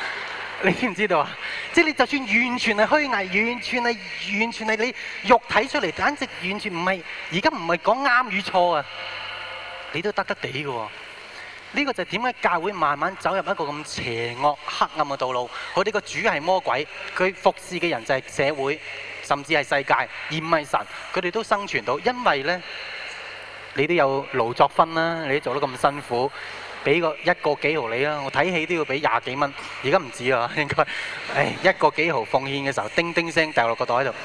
你知唔知道啊？即係你就算你完全係虛偽，完全係完全係你肉體出嚟，簡直完全唔係而家唔係講啱與錯啊！你都得得地㗎喎。呢、這個就係點解教會慢慢走入一個咁邪惡黑暗嘅道路？佢哋個主係魔鬼，佢服侍嘅人就係社會，甚至係世界，而唔係神。佢哋都生存到，因為呢，你都有勞作分啦，你做得咁辛苦。俾個一個幾毫你啦，我睇戲都要俾廿幾蚊。而家唔止啊，應該誒一個幾毫奉獻嘅時候，叮叮聲掉落個袋度。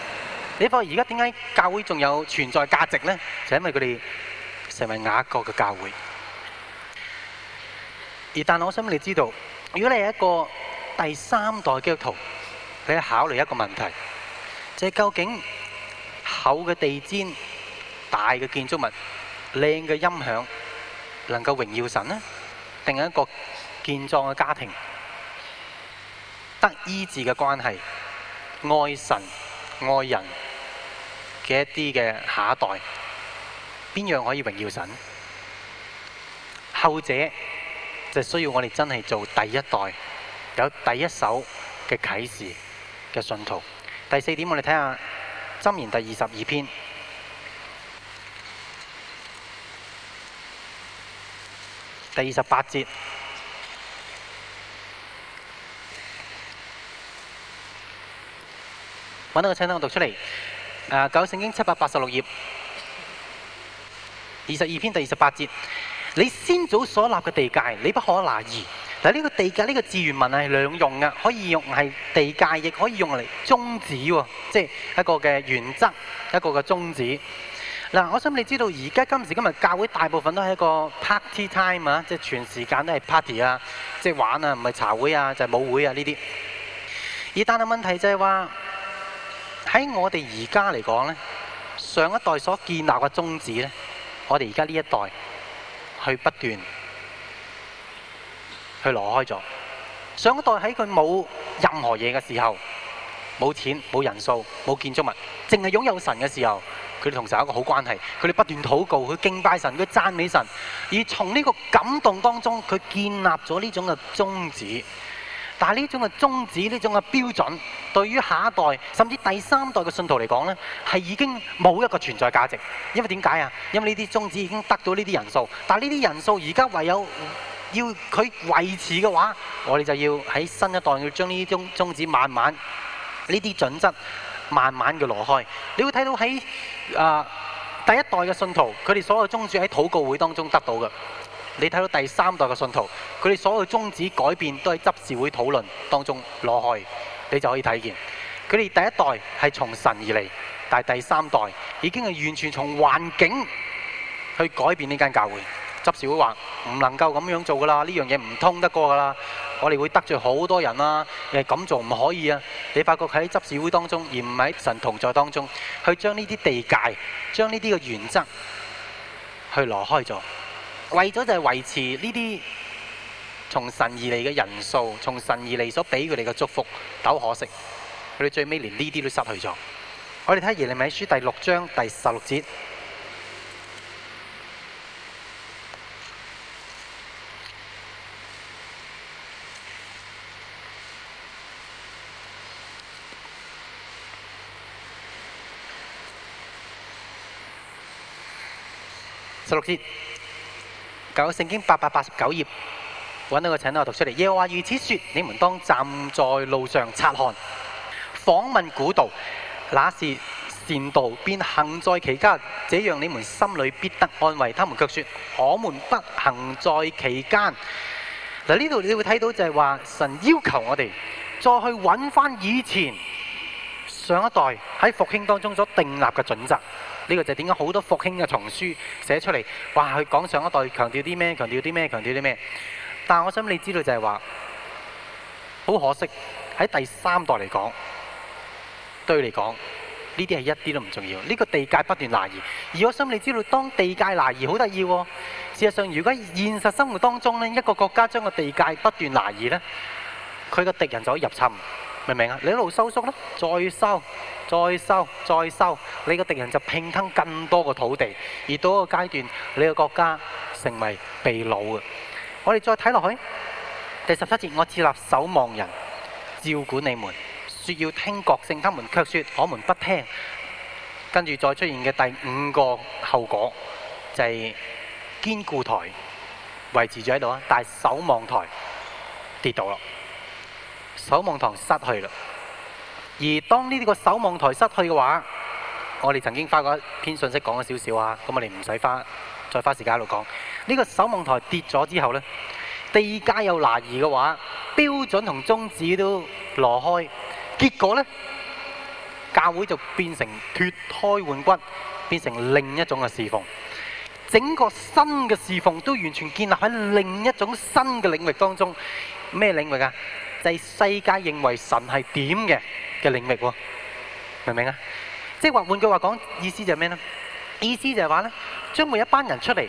你不過而家點解教會仲有存在價值呢？就因為佢哋成為雅各嘅教會。而但我想你知道，如果你係一個第三代基督徒，你考慮一個問題，就係究竟厚嘅地氈、大嘅建築物、靚嘅音響，能夠榮耀神呢？定一個健壯嘅家庭，得醫治嘅關係，愛神愛人嘅一啲嘅下一代，邊樣可以榮耀神？後者就需要我哋真係做第一代，有第一手嘅啟示嘅信徒。第四點，我們看看，我哋睇下箴言第二十二篇。第二十八節，揾到個請等，我讀出嚟。誒，舊聖經七百八十六頁，二十二篇第二十八節，你先祖所立嘅地界，你不可挪移。但係呢個地界，呢、呢個字原文係兩用嘅，可以用係地界，亦可以用嚟宗旨喎，即係一個嘅原則，一個嘅宗旨。嗱，我想你知道而家今時今日教會大部分都係一個 party time 啊，即係全時間都係 party 啊，即係玩啊，唔係茶會啊，就係舞會啊呢啲。而但係問題就係話，喺我哋而家嚟講呢，上一代所建立嘅宗旨呢，我哋而家呢一代去不斷去攞開咗。上一代喺佢冇任何嘢嘅時候，冇錢、冇人數、冇建築物，淨係擁有神嘅時候。佢哋同時有一個好關係，佢哋不斷禱告，佢敬拜神，佢讚美神。而從呢個感動當中，佢建立咗呢種嘅宗旨。但係呢種嘅宗旨，呢種嘅標準，對於下一代甚至第三代嘅信徒嚟講，呢係已經冇一個存在價值。因為點解啊？因為呢啲宗旨已經得到呢啲人數，但係呢啲人數而家唯有要佢維持嘅話，我哋就要喺新一代要將呢啲宗宗旨慢慢呢啲準則。慢慢嘅攞開，你會睇到喺啊、呃、第一代嘅信徒，佢哋所有宗旨喺禱告會當中得到嘅。你睇到第三代嘅信徒，佢哋所有宗旨改變都係執事會討論當中攞開，你就可以睇見。佢哋第一代係從神而嚟，但係第三代已經係完全從環境去改變呢間教會。執事會話唔能夠咁樣做噶啦，呢樣嘢唔通得過噶啦，我哋會得罪好多人啦。誒咁做唔可以啊！你發覺喺執事會當中，而唔喺神同在當中，去將呢啲地界、將呢啲嘅原則去挪開咗，為咗就係維持呢啲從神而嚟嘅人數，從神而嚟所俾佢哋嘅祝福。但可惜，佢哋最尾連呢啲都失去咗。我哋睇耶利米書第六章第十六節。十六節，舊聖經八百八十九頁，揾到一個，請我讀出嚟。耶和華如此說：你們當站在路上察看，訪問古道，那是善道，便行在其間，這樣你們心裏必得安慰。他們卻說：我們不行在其間。嗱，呢度你會睇到就係話神要求我哋再去揾翻，以前上一代喺復興當中所訂立嘅準則。呢個就係點解好多復興嘅藏書寫出嚟，哇！佢講上一代強調啲咩？強調啲咩？強調啲咩？但係我想你知道就係話，好可惜喺第三代嚟講，對你嚟講，呢啲係一啲都唔重要。呢個地界不斷難移，而我想你知道，當地界難移好得意喎。事實上，如果現實生活當中呢，一個國家將個地界不斷難移呢，佢個敵人就可以入侵。明唔明啊？你一路收縮啦，再收、再收、再收，你個敵人就併吞更多個土地，而到一個階段，你個國家成為被擄啊！我哋再睇落去第十七節，我設立守望人照管你們，説要聽角聲，他們卻説我們不聽。跟住再出現嘅第五個後果就係堅固台維持住喺度啊，但係守望台跌倒啦。守望台失去啦，而當呢個守望台失去嘅話，我哋曾經發過一篇信息講咗少少啊，咁我哋唔使花，再花時間喺度講呢、呢個守望台跌咗之後呢，地界又難移嘅話，標準同宗旨都挪開，結果呢，教會就變成脫胎換骨，變成另一種嘅侍奉，整個新嘅侍奉都完全建立喺另一種新嘅領域當中，咩領域啊？世界認為神係點嘅嘅領域，明唔明啊？即係話換句話講，意思就係咩呢？意思就係話呢，將會一班人出嚟，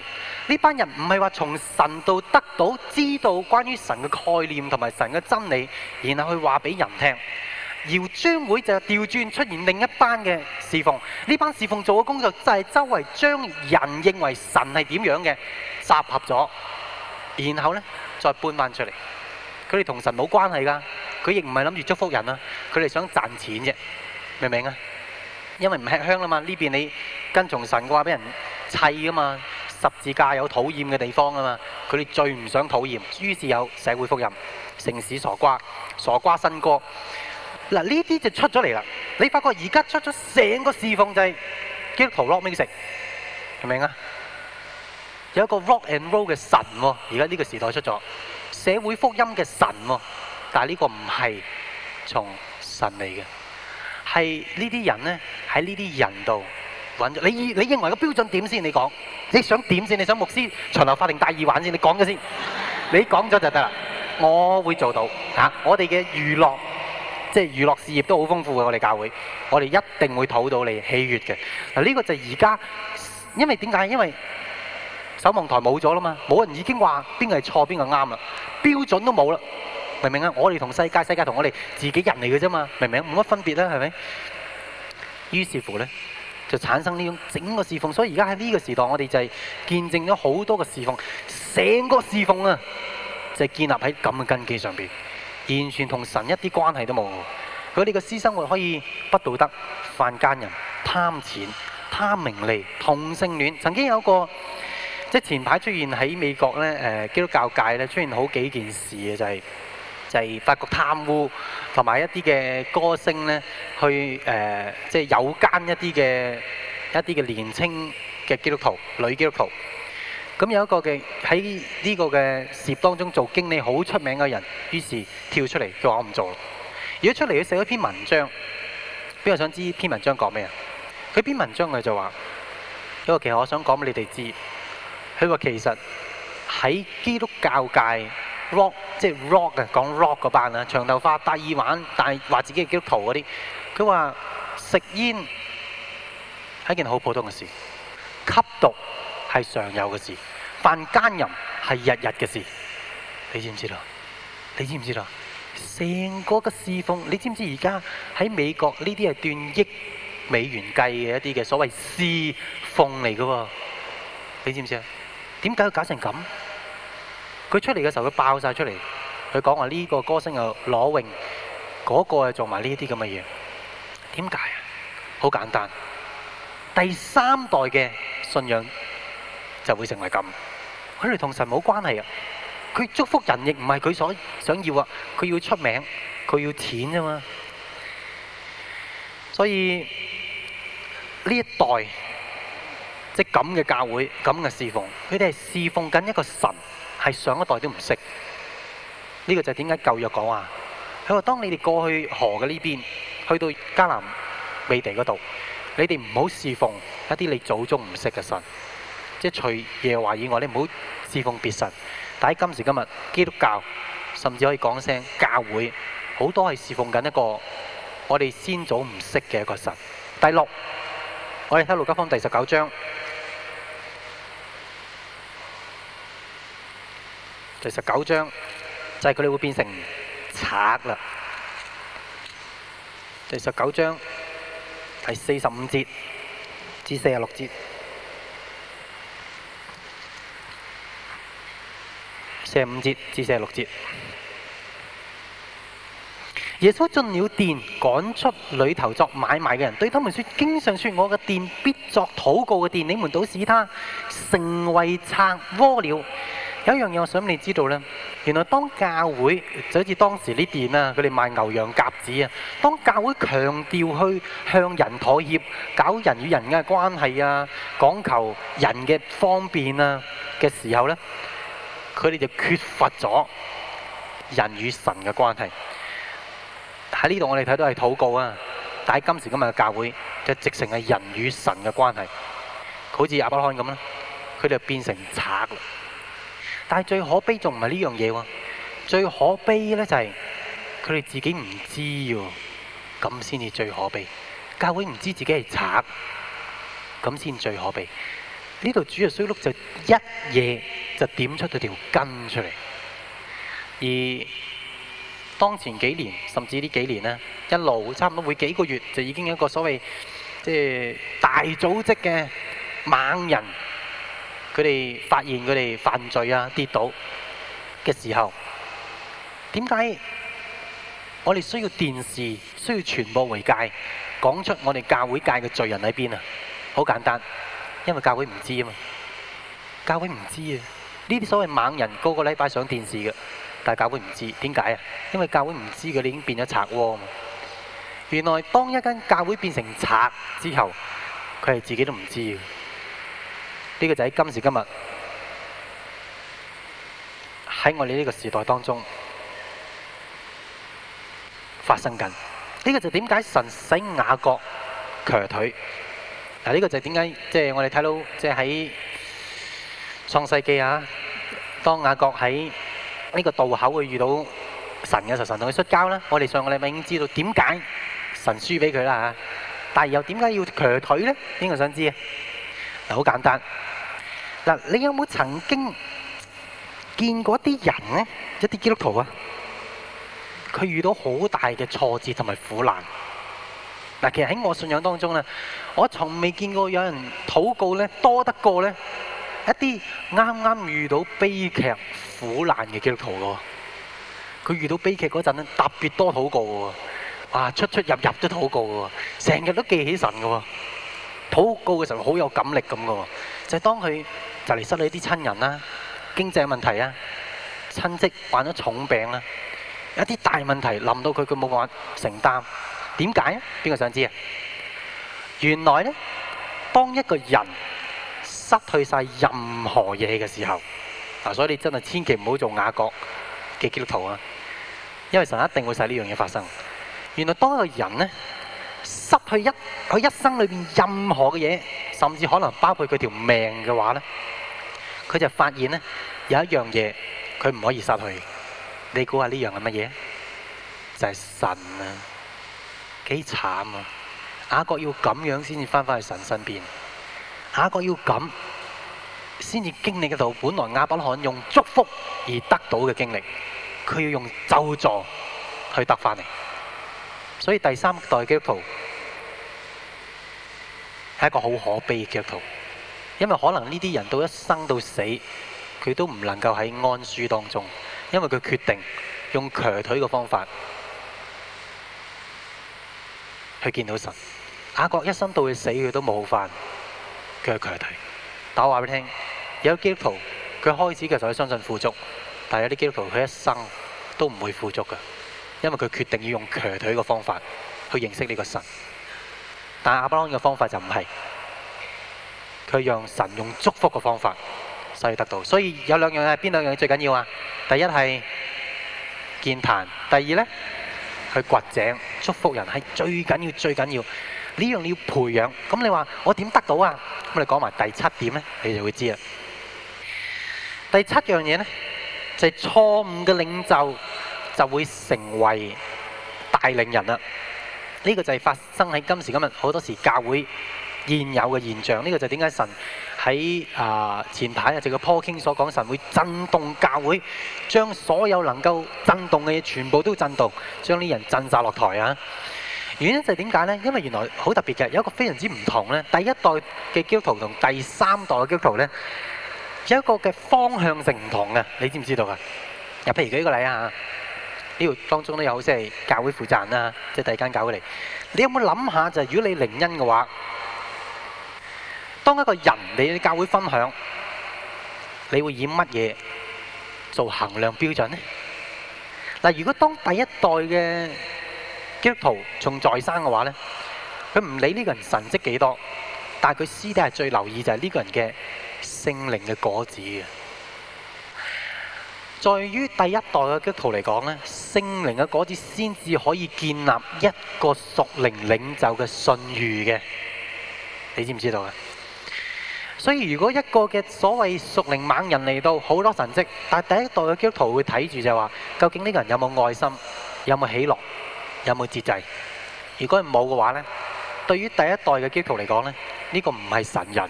呢班人唔係話從神度得到、知道關於神嘅概念同埋神嘅真理，然後去話俾人聽。而將會就係調轉出現另一班嘅侍奉，呢班侍奉做嘅工作就係周圍將人認為神係點樣嘅集合咗，然後呢再搬翻出嚟。佢哋同神冇關係噶，佢亦唔係諗住祝福人啊！佢哋想賺錢啫，明唔明啊？因為唔吃香啊嘛，呢邊你跟從神嘅話，俾人砌噶嘛。十字架有討厭嘅地方噶嘛，佢哋最唔想討厭，於是有社會福音、城市傻瓜、傻瓜新歌。嗱，呢啲就出咗嚟啦。你發覺而家出咗成個侍奉制，基督徒 rock music，明唔明啊？有一個 rock and roll 嘅神喎，而家呢個時代出咗。社會福音嘅神喎，哦，但係呢個唔係從神嚟嘅，係呢啲人呢喺呢啲人度揾。你你認為個標準點先？你講你想點先？你想牧師巡留髮定戴耳環先？你講咗先，你講咗就得啦。我會做到嚇、啊，我哋嘅娛樂即係娛樂事業都好豐富嘅，我哋教會，我哋一定會討到你喜悅嘅嗱。呢、這個就係而家，因為？點解？因為？守望台冇咗啦嘛，冇人已經話邊個係錯，邊個啱啦，標準都冇啦，明唔明啊？我哋同世界，世界同我哋自己人嚟嘅啫嘛，明唔明？冇乜分別啦，係咪？於是乎呢，就產生呢種整個侍奉，所以而家喺呢個時代，我哋就係見證咗好多嘅侍奉，成個侍奉啊，就係、是、建立喺咁嘅根基上邊，完全同神一啲關係都冇。佢哋嘅私生活可以不道德、犯奸淫，貪錢、貪名利、同性戀，曾經有一個。即係前排出現喺美國咧，誒基督教界咧出現好幾件事嘅，就係就係發覺貪污同埋一啲嘅歌星咧，去誒即係有奸一啲嘅一啲嘅年青嘅基督徒女基督徒。咁有一個嘅喺呢個嘅事當中做經理好出名嘅人，於是跳出嚟就話我唔做。如果出嚟佢寫咗一篇文章，邊個想知篇文章講咩啊？佢篇文章佢就話，因為其實我想講俾你哋知。佢話其實喺基督教界 rock 即係 rock 啊，講 rock 嗰班啦，長頭髮戴耳環，但係話自己係基督徒嗰啲。佢話食煙係一件好普通嘅事，吸毒係常有嘅事，犯奸淫係日日嘅事。你知唔知道？你知唔知道？成個嘅侍奉，你知唔知而家喺美國呢啲係斷億美元計嘅一啲嘅所謂侍奉嚟㗎喎？你知唔知啊？點解要搞成咁？佢出嚟嘅時候，佢爆曬出嚟，佢講話呢個歌星又裸泳，嗰個係做埋呢啲咁嘅嘢。點解啊？好簡單，第三代嘅信仰就會成為咁。佢哋同神冇關係啊！佢祝福人，亦唔係佢所想要啊！佢要出名，佢要錢啫嘛。所以呢一代。即咁嘅教會，咁嘅侍奉，佢哋係侍奉緊一個神，係上一代都唔識。呢個就係點解舊約講啊？佢話：當你哋過去河嘅呢邊，去到迦南美地嗰度，你哋唔好侍奉一啲你祖宗唔識嘅神。即除耶和華以外，你唔好侍奉別神。但喺今時今日，基督教甚至可以講聲教會，好多係侍奉緊一個我哋先祖唔識嘅一個神。第六，我哋睇路加福音第十九章。第十九章就係佢哋會變成賊啦。第十九章係四十五節至四十六節，四十五節至四十六節。耶穌進了殿，趕出裏頭作買賣嘅人，對他們說：經上說我嘅殿必作禱告嘅殿，你們倒使他成為賊窩了。有一樣嘢我想你知道呢，原來當教會就好似當時呢店啊，佢哋賣牛羊鴿子啊，當教會強調去向人妥協、搞人與人嘅關係啊，講求人嘅方便啊嘅時候呢，佢哋就缺乏咗人與神嘅關係。喺呢度我哋睇到係禱告啊，但係今時今日嘅教會，就直成係人與神嘅關係，好似亞伯拉罕咁啦，佢哋變成賊啦。但係最可悲仲唔係呢樣嘢喎？最可悲呢，就係佢哋自己唔知喎，咁先至最可悲。教會唔知自己係賊，咁先最可悲。呢度主要衰碌就一夜就點出咗條根出嚟，而當前幾年甚至呢幾年咧，一路差唔多每幾個月就已經有一個所謂即係、就是、大組織嘅猛人。佢哋發現佢哋犯罪啊、跌倒嘅時候，點解我哋需要電視需要傳播媒介講出我哋教會界嘅罪人喺邊啊？好簡單，因為教會唔知啊嘛。教會唔知啊，呢啲所謂猛人個個禮拜上電視嘅，但係教會唔知點解啊？因為教會唔知佢哋已經變咗賊窩啊嘛。原來當一間教會變成賊之後，佢係自己都唔知。呢個就喺今時今日喺我哋呢個時代當中發生緊。呢個就點解神使雅各瘸腿？嗱，呢個就點解即係我哋睇到即係喺創世記啊，當雅各喺呢個渡口佢遇到神嘅時候，神同佢摔跤呢。我哋上個禮拜已經知道點解神輸俾佢啦嚇，但係又點解要瘸腿呢？邊個想知啊？嗱，好簡單。嗱，你有冇曾經見過啲人呢，一啲基督徒啊，佢遇到好大嘅挫折同埋苦難。嗱，其實喺我信仰當中呢，我從未見過有人禱告呢多得過呢一啲啱啱遇到悲劇苦難嘅基督徒噶。佢遇到悲劇嗰陣呢，特別多禱告噶，哇，出出入入都禱告噶，成日都記起神噶。好高嘅時候好有感力咁嘅喎，就係當佢就嚟失去啲親人啦、經濟問題啊、親戚患咗重病啦、一啲大問題臨到佢，佢冇話承擔。點解？邊個想知啊？原來咧，當一個人失去晒任何嘢嘅時候，嗱，所以你真係千祈唔好做亞各嘅基督徒啊，因為神一定會使呢樣嘢發生。原來當一個人咧～失去一佢一生裏邊任何嘅嘢，甚至可能包括佢條命嘅話呢，佢就發現呢有一樣嘢佢唔可以失去的。你估下呢樣係乜嘢？就係、是、神啊！幾慘啊！雅各要咁樣先至翻返去神身邊，雅各要咁先至經歷得到。本來亞伯罕用祝福而得到嘅經歷，佢要用咒詛去得翻嚟。所以第三代基督徒係一個好可悲嘅基督徒，因為可能呢啲人到一生到死，佢都唔能夠喺安舒當中，因為佢決定用瘸腿嘅方法去見到神。雅各一生到佢死，佢都冇好翻，佢係瘸腿。但我話俾你聽，有基督徒佢開始嘅時候相信富足，但係有啲基督徒佢一生都唔會富足㗎。因為佢決定要用瘸腿嘅方法去認識呢個神，但係亞伯拉罕嘅方法就唔係，佢讓神用祝福嘅方法先可以得到。所以有兩樣嘢，邊兩樣最緊要啊？第一係建壇，第二咧，去掘井祝福人係最緊要、最緊要。呢樣你要培養，咁你話我點得到啊？咁你講埋第七點咧，你就會知啦。第七樣嘢咧就係錯誤嘅領袖。就會成為帶領人啦！呢、這個就係發生喺今時今日好多時教會現有嘅現象。呢、這個就係點解神喺啊、呃、前排啊，就叫 Paul King 所講，神會震動教會，將所有能夠震動嘅嘢全部都震動，將啲人震曬落台啊！原因就係點解呢？因為原來好特別嘅，有一個非常之唔同呢。第一代嘅基督徒同第三代嘅基督徒呢，有一個嘅方向性唔同呀。你知唔知道啊？譬如舉個例啊！呢度當中都有，好似係教會負責人啦，即係第二間教會嚟。你有冇諗下？就係如果你靈恩嘅話，當一個人你嘅教會分享，你會以乜嘢做衡量標準呢？嗱，如果當第一代嘅基督徒仲在生嘅話呢，佢唔理呢個人神跡幾多，但係佢私底下最留意就係呢個人嘅聖靈嘅果子嘅。在於第一代嘅基督徒嚟講呢，聖靈嘅果子先至可以建立一個屬靈領袖嘅信譽嘅，你知唔知道啊？所以如果一個嘅所謂屬靈猛人嚟到，好多神跡，但係第一代嘅基督徒會睇住就話：究竟呢個人有冇愛心？有冇喜樂？有冇節制？如果冇嘅話呢，對於第一代嘅基督徒嚟講呢，呢個唔係神人，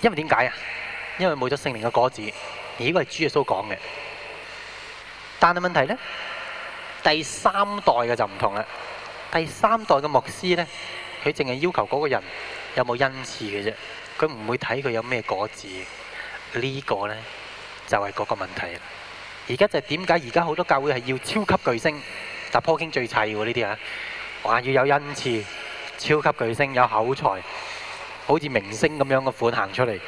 因為點解啊？因為冇咗聖靈嘅果子。呢個係主耶穌講嘅，但係問題呢，第三代嘅就唔同啦。第三代嘅牧師呢，佢淨係要求嗰個人有冇恩賜嘅啫，佢唔會睇佢有咩果子。呢個呢就係嗰個問題。而家就點解而家好多教會係要超級巨星突破經最砌喎？呢啲啊，話要有恩賜、超級巨星、有口才，好似明星咁樣嘅款行出嚟，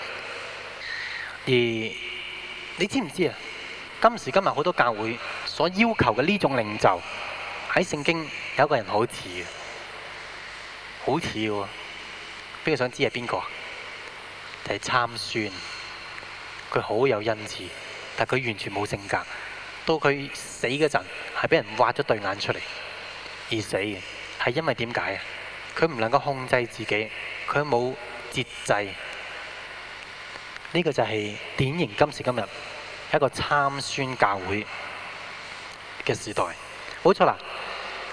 而～你知唔知啊？今時今日好多教會所要求嘅呢種領袖，喺聖經有一個人好似好似嘅喎。非常想知係邊個？就係參孫，佢好有恩賜，但佢完全冇性格。到佢死嗰陣，係俾人挖咗對眼出嚟而死嘅，係因為點解啊？佢唔能夠控制自己，佢冇節制。呢個就係典型今時今日。一個參宣教會嘅時代，冇錯啦。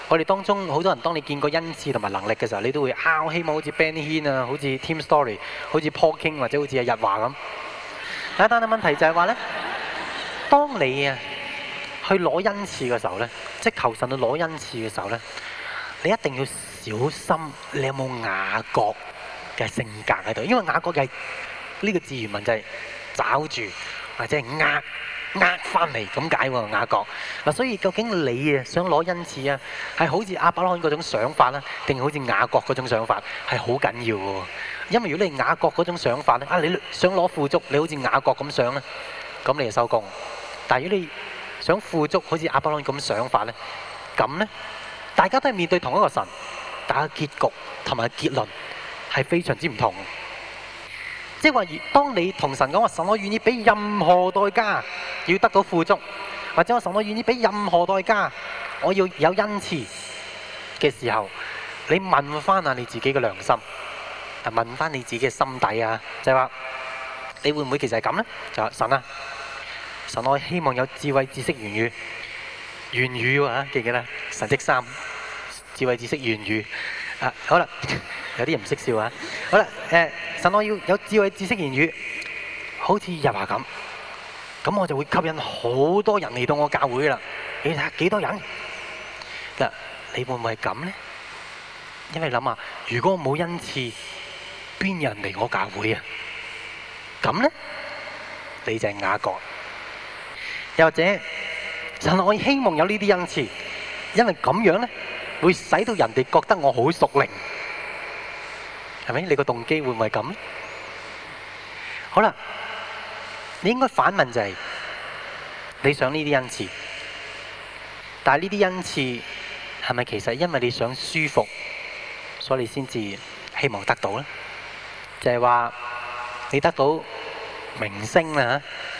我哋當中好多人，當你見過恩賜同埋能力嘅時候，你都會拋棄望好似 Benny Hinn 啊，好似 Tim Story，好似 Paul King 或者好似阿日華咁。但係問題就係話咧，當你啊去攞恩賜嘅時候咧，即係求神去攞恩賜嘅時候咧，你一定要小心，你有冇雅各嘅性格喺度？因為雅各嘅呢個字原文就係抓住。或者係呃，呃翻嚟咁解喎，雅各嗱，所以究竟你啊想攞恩賜啊，係好似亞伯拉罕嗰種想法咧，定好似雅各嗰種想法係好緊要喎？因為如果你雅各嗰種想法咧，啊你想攞富足，你好似雅各咁想咧，咁你就收工；但係如果你想富足，好似亞伯拉罕咁想法咧，咁咧大家都係面對同一個神，但係結局同埋結論係非常之唔同。即係話，當你同神講話，神，我願意俾任何代價要得到富足，或者我神，我願意俾任何代價，我要有恩賜嘅時候，你問翻下你自己嘅良心，啊問翻你自己嘅心底啊，就係話你會唔會其實係咁呢？就話神啊，神我希望有智慧、知識、言語、言語啊。記唔記得？神跡三，智慧、知識、言語。啊，好啦，有啲人唔識笑啊。好啦，誒，神我要有智慧、知識、言語，好似日華咁，咁我就會吸引好多人嚟到我教會噶啦。你睇下幾多人？嗱，你會唔會係咁咧？因為諗下，如果冇恩賜，邊人嚟我教會啊？咁咧，你就係雅各，又或者神我希望有呢啲恩賜，因為咁樣咧。會使到人哋覺得我好屬靈，係咪？你個動機會唔會咁？好啦，你應該反問就係：你想呢啲恩賜，但係呢啲恩賜係咪其實因為你想舒服，所以你先至希望得到呢？就係話你得到名聲啦嚇。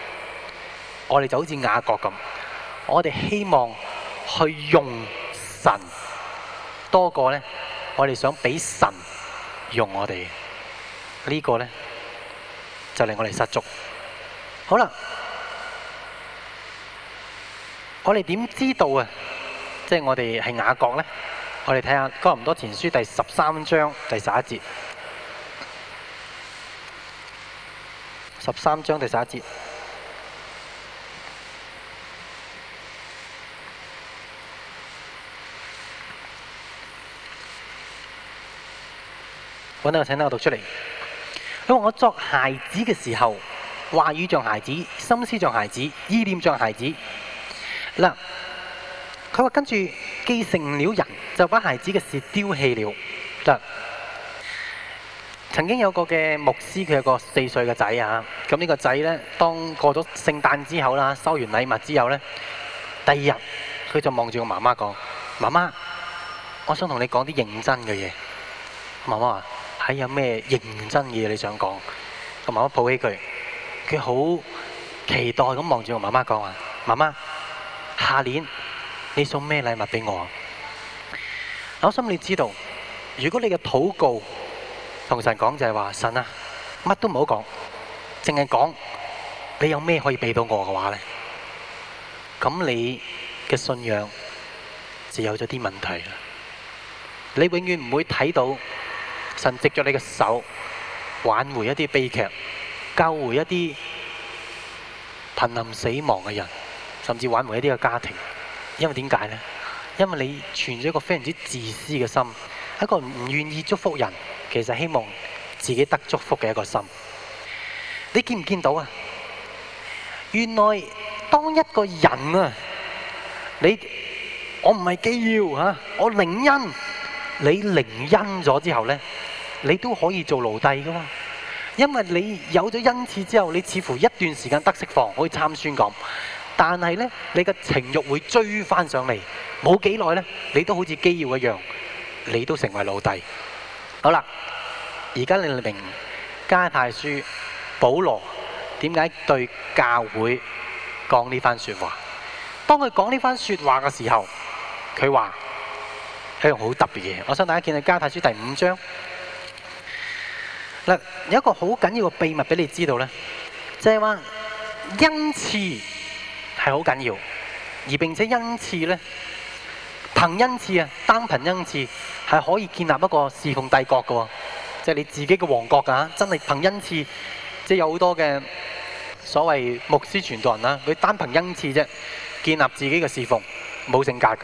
我哋就好似雅各咁，我哋希望去用神多過呢，我哋想俾神用我哋，呢個呢，就令我哋失足。好啦，我哋點知道啊？即係我哋係雅各呢？我哋睇下《哥林多前書》第十三章第十一節，十三章第十一節。揾到我請，等我讀出嚟。佢話：我作孩子嘅時候，話語像孩子，心思像孩子，意念像孩子。嗱，佢話跟住既成了人，就把孩子嘅事丟棄了。曾經有個嘅牧師，佢有個四歲嘅仔啊。咁呢個仔呢，當過咗聖誕之後啦，收完禮物之後呢，第二日佢就望住個媽媽講：媽媽，我想同你講啲認真嘅嘢。媽媽話、啊。睇有咩認真嘅嘢你想講，同媽媽抱起佢，佢好期待咁望住我媽媽講話：媽媽，下年你送咩禮物俾我啊？我心裏知道，如果你嘅禱告同神講就係話神啊，乜都唔好講，淨係講你有咩可以俾到我嘅話咧，咁你嘅信仰就有咗啲問題啦。你永遠唔會睇到。神藉著你嘅手挽回一啲悲劇，救回一啲瀕臨死亡嘅人，甚至挽回一啲嘅家庭。因為點解呢？因為你存咗一個非常之自私嘅心，一個唔願意祝福人，其實希望自己得祝福嘅一個心。你見唔見到啊？原來當一個人啊，你我唔係忌要吓，我，不是我是領恩。你靈恩咗之後呢，你都可以做奴隸㗎嘛，啊？因為你有咗恩賜之後，你似乎一段時間得釋放，可以參孫咁。但係呢，你嘅情慾會追翻上嚟，冇幾耐呢，你都好似基要一樣，你都成為奴隸。好啦，而家你明加拉太書保羅點解對教會講呢番説話？當佢講呢番説話嘅時候，佢話。一樣好特別嘅嘢，我想大家見到《加泰書》第五章。嗱，有一個好緊要嘅秘密俾你知道咧，即係話恩賜係好緊要，而並且恩賜咧，憑恩賜啊，單憑恩賜係可以建立一個侍奉帝國嘅，即係你自己嘅王國㗎。真係憑恩賜，即係有好多嘅所謂牧師傳道人啦，佢單憑恩賜啫，建立自己嘅侍奉，冇性格。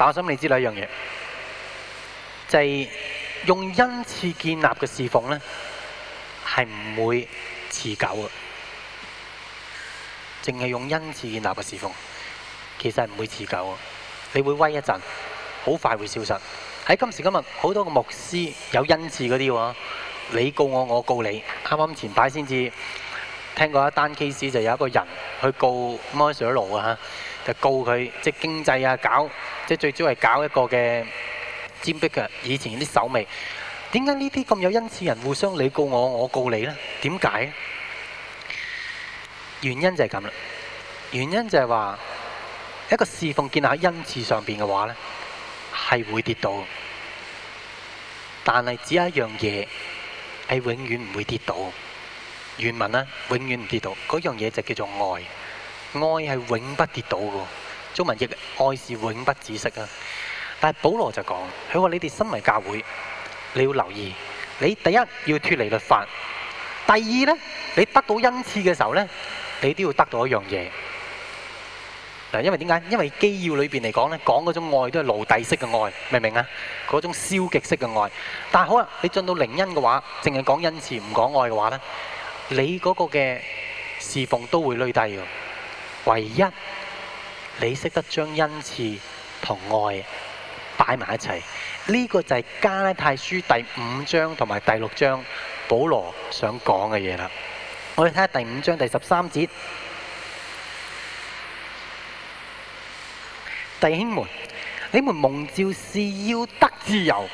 但我想你知兩樣嘢，就係、是、用恩賜建立嘅侍奉咧，係唔會持久嘅。淨係用恩賜建立嘅侍奉，其實係唔會持久嘅。你會威一陣，好快會消失。喺今時今日，好多個牧師有恩賜嗰啲喎，你告我，我告你。啱啱前排先至聽過一單 case，就有一個人去告摩西羅啊嚇。就告佢，即係經濟啊，搞即係最主要係搞一個嘅尖逼嘅，以前啲手尾。點解呢啲咁有恩賜人互相你告我，我告你咧？點解？原因就係咁啦。原因就係話一個侍奉建立喺恩賜上邊嘅話咧，係會跌倒。但係只有一樣嘢係永遠唔會跌倒，原文呢，永遠唔跌倒。嗰樣嘢就叫做愛。愛係永不跌倒嘅，中文譯愛是永不止息啊！但係保羅就講，佢話你哋身為教會，你要留意，你第一要脫離律法，第二咧，你得到恩賜嘅時候咧，你都要得到一樣嘢。嗱，因為點解？因為基要裏邊嚟講咧，講嗰種愛都係奴隸式嘅愛，明唔明啊？嗰種消極式嘅愛。但係好啦，你進到靈恩嘅話，淨係講恩賜唔講愛嘅話咧，你嗰個嘅侍奉都會累低嘅。唯一，你識得將恩賜同愛擺埋一齊，呢、這個就係、是、加拉太書第五章同埋第六章保羅想講嘅嘢啦。我哋睇下第五章第十三節，弟兄們，你們蒙召是要得自由。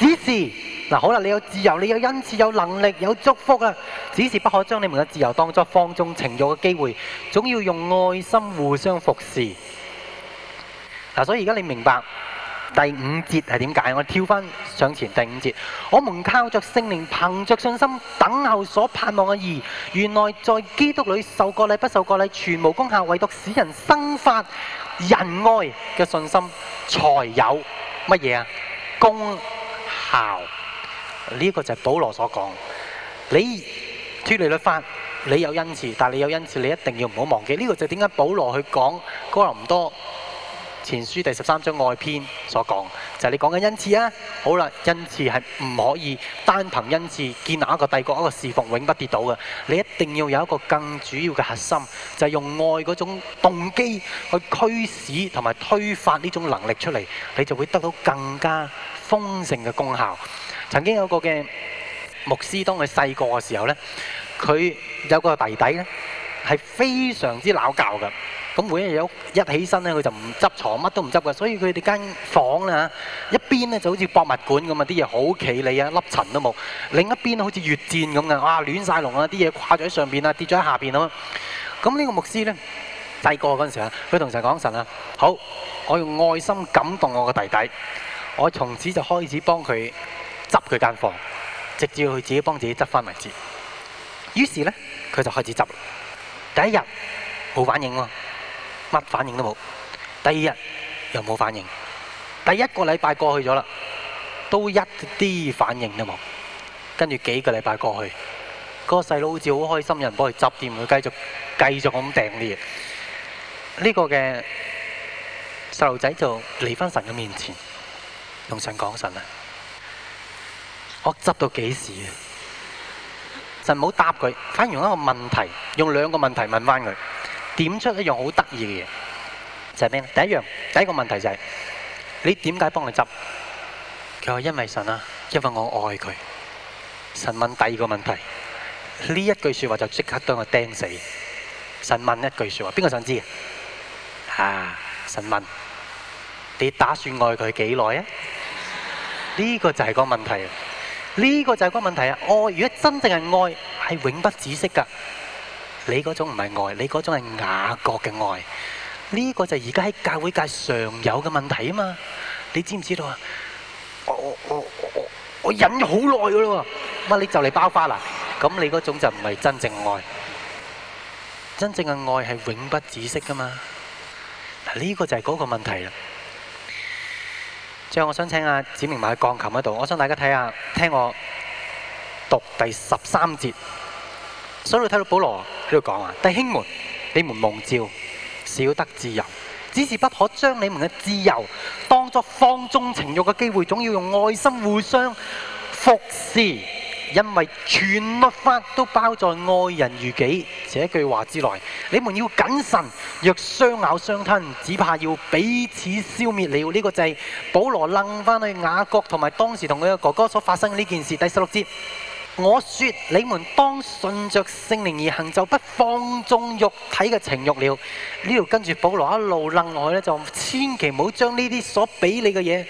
只是嗱，好啦，你有自由，你有恩賜，有能力，有祝福啊。只是不可將你們嘅自由當作放縱情欲嘅機會，總要用愛心互相服侍嗱。所以而家你明白第五節係點解？我跳翻上前第五節，我們靠着聖靈，憑着信心等候所盼望嘅義，原來在基督裏受過禮、不受過禮，全無功效，唯獨使人生發仁愛嘅信心，才有乜嘢啊？功。效呢個就係保羅所講，你脫離律法，你有恩賜，但係你有恩賜，你一定要唔好忘記。呢個就係點解保羅去講哥林多《前書》第十三章愛篇所講，就係你講緊恩賜啊！好啦，恩賜係唔可以單憑恩賜建立一個帝國、一個事奉，永不跌倒嘅。你一定要有一個更主要嘅核心，就係用愛嗰種動機去驅使同埋推發呢種能力出嚟，你就會得到更加豐盛嘅功效。曾經有個嘅牧師，當佢細個嘅時候咧，佢有個弟弟咧，係非常之鬧教嘅。咁每一日有一起身咧，佢就唔執床，乜都唔執嘅。所以佢哋間房咧，一邊咧就好似博物館咁啊，啲嘢好企理啊，粒塵都冇；另一邊好似越戰咁嘅，哇亂晒龍啊，啲嘢掛咗喺上邊啊，跌咗喺下邊啊。咁呢個牧師咧細個嗰陣時啊，佢同神講神啊：好，我用愛心感動我個弟弟，我從此就開始幫佢執佢間房，直至佢自己幫自己執翻為止。於是咧，佢就開始執。第一日冇反應喎。乜反應都冇，第二日又冇反應，第一個禮拜過去咗啦，都一啲反應都冇。跟住幾個禮拜過去，個細佬好似好開心，有人幫佢執掂佢，繼續繼續咁掟啲嘢。呢個嘅細路仔就嚟翻神嘅面前，同神講神啊，我執到幾時啊？神冇答佢，反而用一個問題，用兩個問題問翻佢。點出一樣好得意嘅嘢，就係咩咧？第一樣，第一個問題就係你點解幫你執？佢話因為神啊，因為我愛佢。神問第二個問題，呢一句説話就即刻將我釘死。神問一句説話，邊個想知啊？神問你打算愛佢幾耐啊？呢個就係個問題啊！呢個就係個問題啊！愛如果真正係愛，係永不止息㗎。你嗰種唔係愛，你嗰種係雅各嘅愛。呢個就係而家喺教會界常有嘅問題啊嘛！你知唔知道啊？我我我我我忍咗好耐嘅咯喎，乜你就嚟爆發啦？咁你嗰種就唔係真正愛。真正嘅愛係永不止息噶嘛？嗱，呢個就係嗰個問題啦。最後我想請阿子明埋喺鋼琴度，我想大家睇下，聽我讀第十三節。所以你睇到保羅喺度講啊，弟兄們，你們蒙召，少得自由，只是不可將你們嘅自由當作放縱情慾嘅機會，總要用愛心互相服侍。因為全律法都包在愛人如己這句話之內。你們要謹慎，若相咬相吞，只怕要彼此消滅了。呢個就係。保羅楞翻去雅各同埋當時同佢嘅哥哥所發生呢件事，第十六節。我説你們當順着聖靈而行，就不放縱肉體嘅情慾了。呢度跟住保羅一路楞落去呢，就千祈唔好將呢啲所俾你嘅嘢，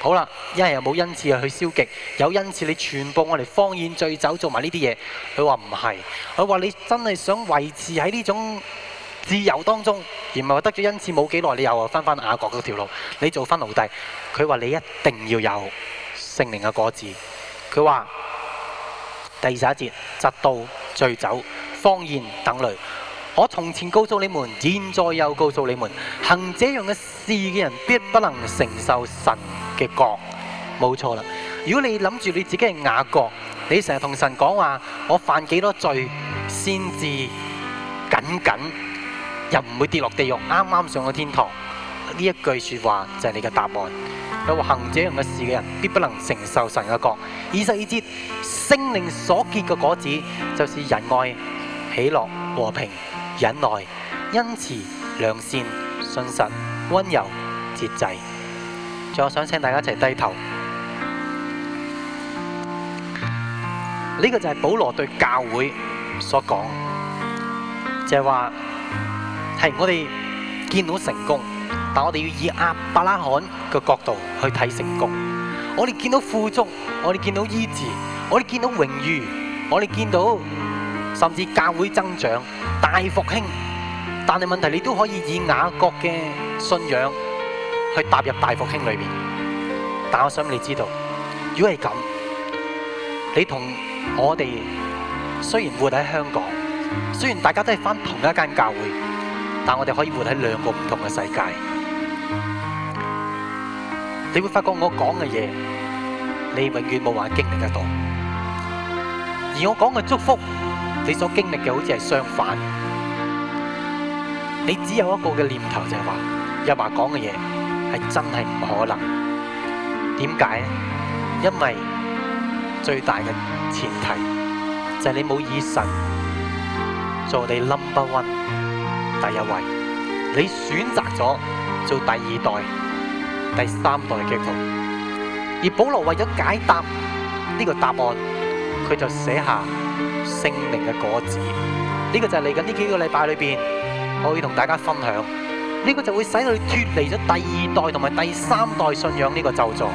好啦，因為又冇恩賜啊去消極，有恩賜你全部我哋放煙醉酒做埋呢啲嘢。佢話唔係，佢話你真係想維持喺呢種自由當中，而唔係話得咗恩賜冇幾耐，你又翻返雅各嗰條路，你做返奴隸。佢話你一定要有聖靈嘅果子。佢話。第二十一節，嫉妒、醉酒、方言等類，我從前告訴你們，現在又告訴你們，行這樣嘅事嘅人，必不能承受神嘅國。冇錯啦，如果你諗住你自己係雅各，你成日同神講話，我犯幾多罪先至僅僅，又唔會跌落地獄，啱啱上咗天堂，呢一句說話就係你嘅答案。佢話行這樣嘅事嘅人，必不能承受神嘅國。二十二節，聖靈所結嘅果子，就是仁愛、喜樂、和平、忍耐、恩慈、良善、信實、溫柔、節制。最後想請大家一齊低頭，呢個就係保羅對教會所講，就係話係我哋見到成功。但我哋要以阿伯拉罕嘅角度去睇成功。我哋見到富足，我哋見到醫治，我哋見到榮譽，我哋見到甚至教會增長、大復興。但係問題，你都可以以雅各嘅信仰去踏入大復興裏邊。但我想你知道，如果係咁，你同我哋雖然活喺香港，雖然大家都係翻同一間教會，但我哋可以活喺兩個唔同嘅世界。你會發覺我講嘅嘢，你永遠冇話經歷得到；而我講嘅祝福，你所經歷嘅好似係相反。你只有一個嘅念頭就係話：你話講嘅嘢係真係唔可能。點解咧？因為最大嘅前提就係你冇以神做你 number one 第一位，你選擇咗做第二代。第三代嘅基督徒，而保羅為咗解答呢個答案，佢就寫下聖靈嘅果子。呢、這個就係嚟緊呢幾個禮拜裏邊，我會同大家分享。呢、這個就會使你脫離咗第二代同埋第三代信仰呢個咒詛，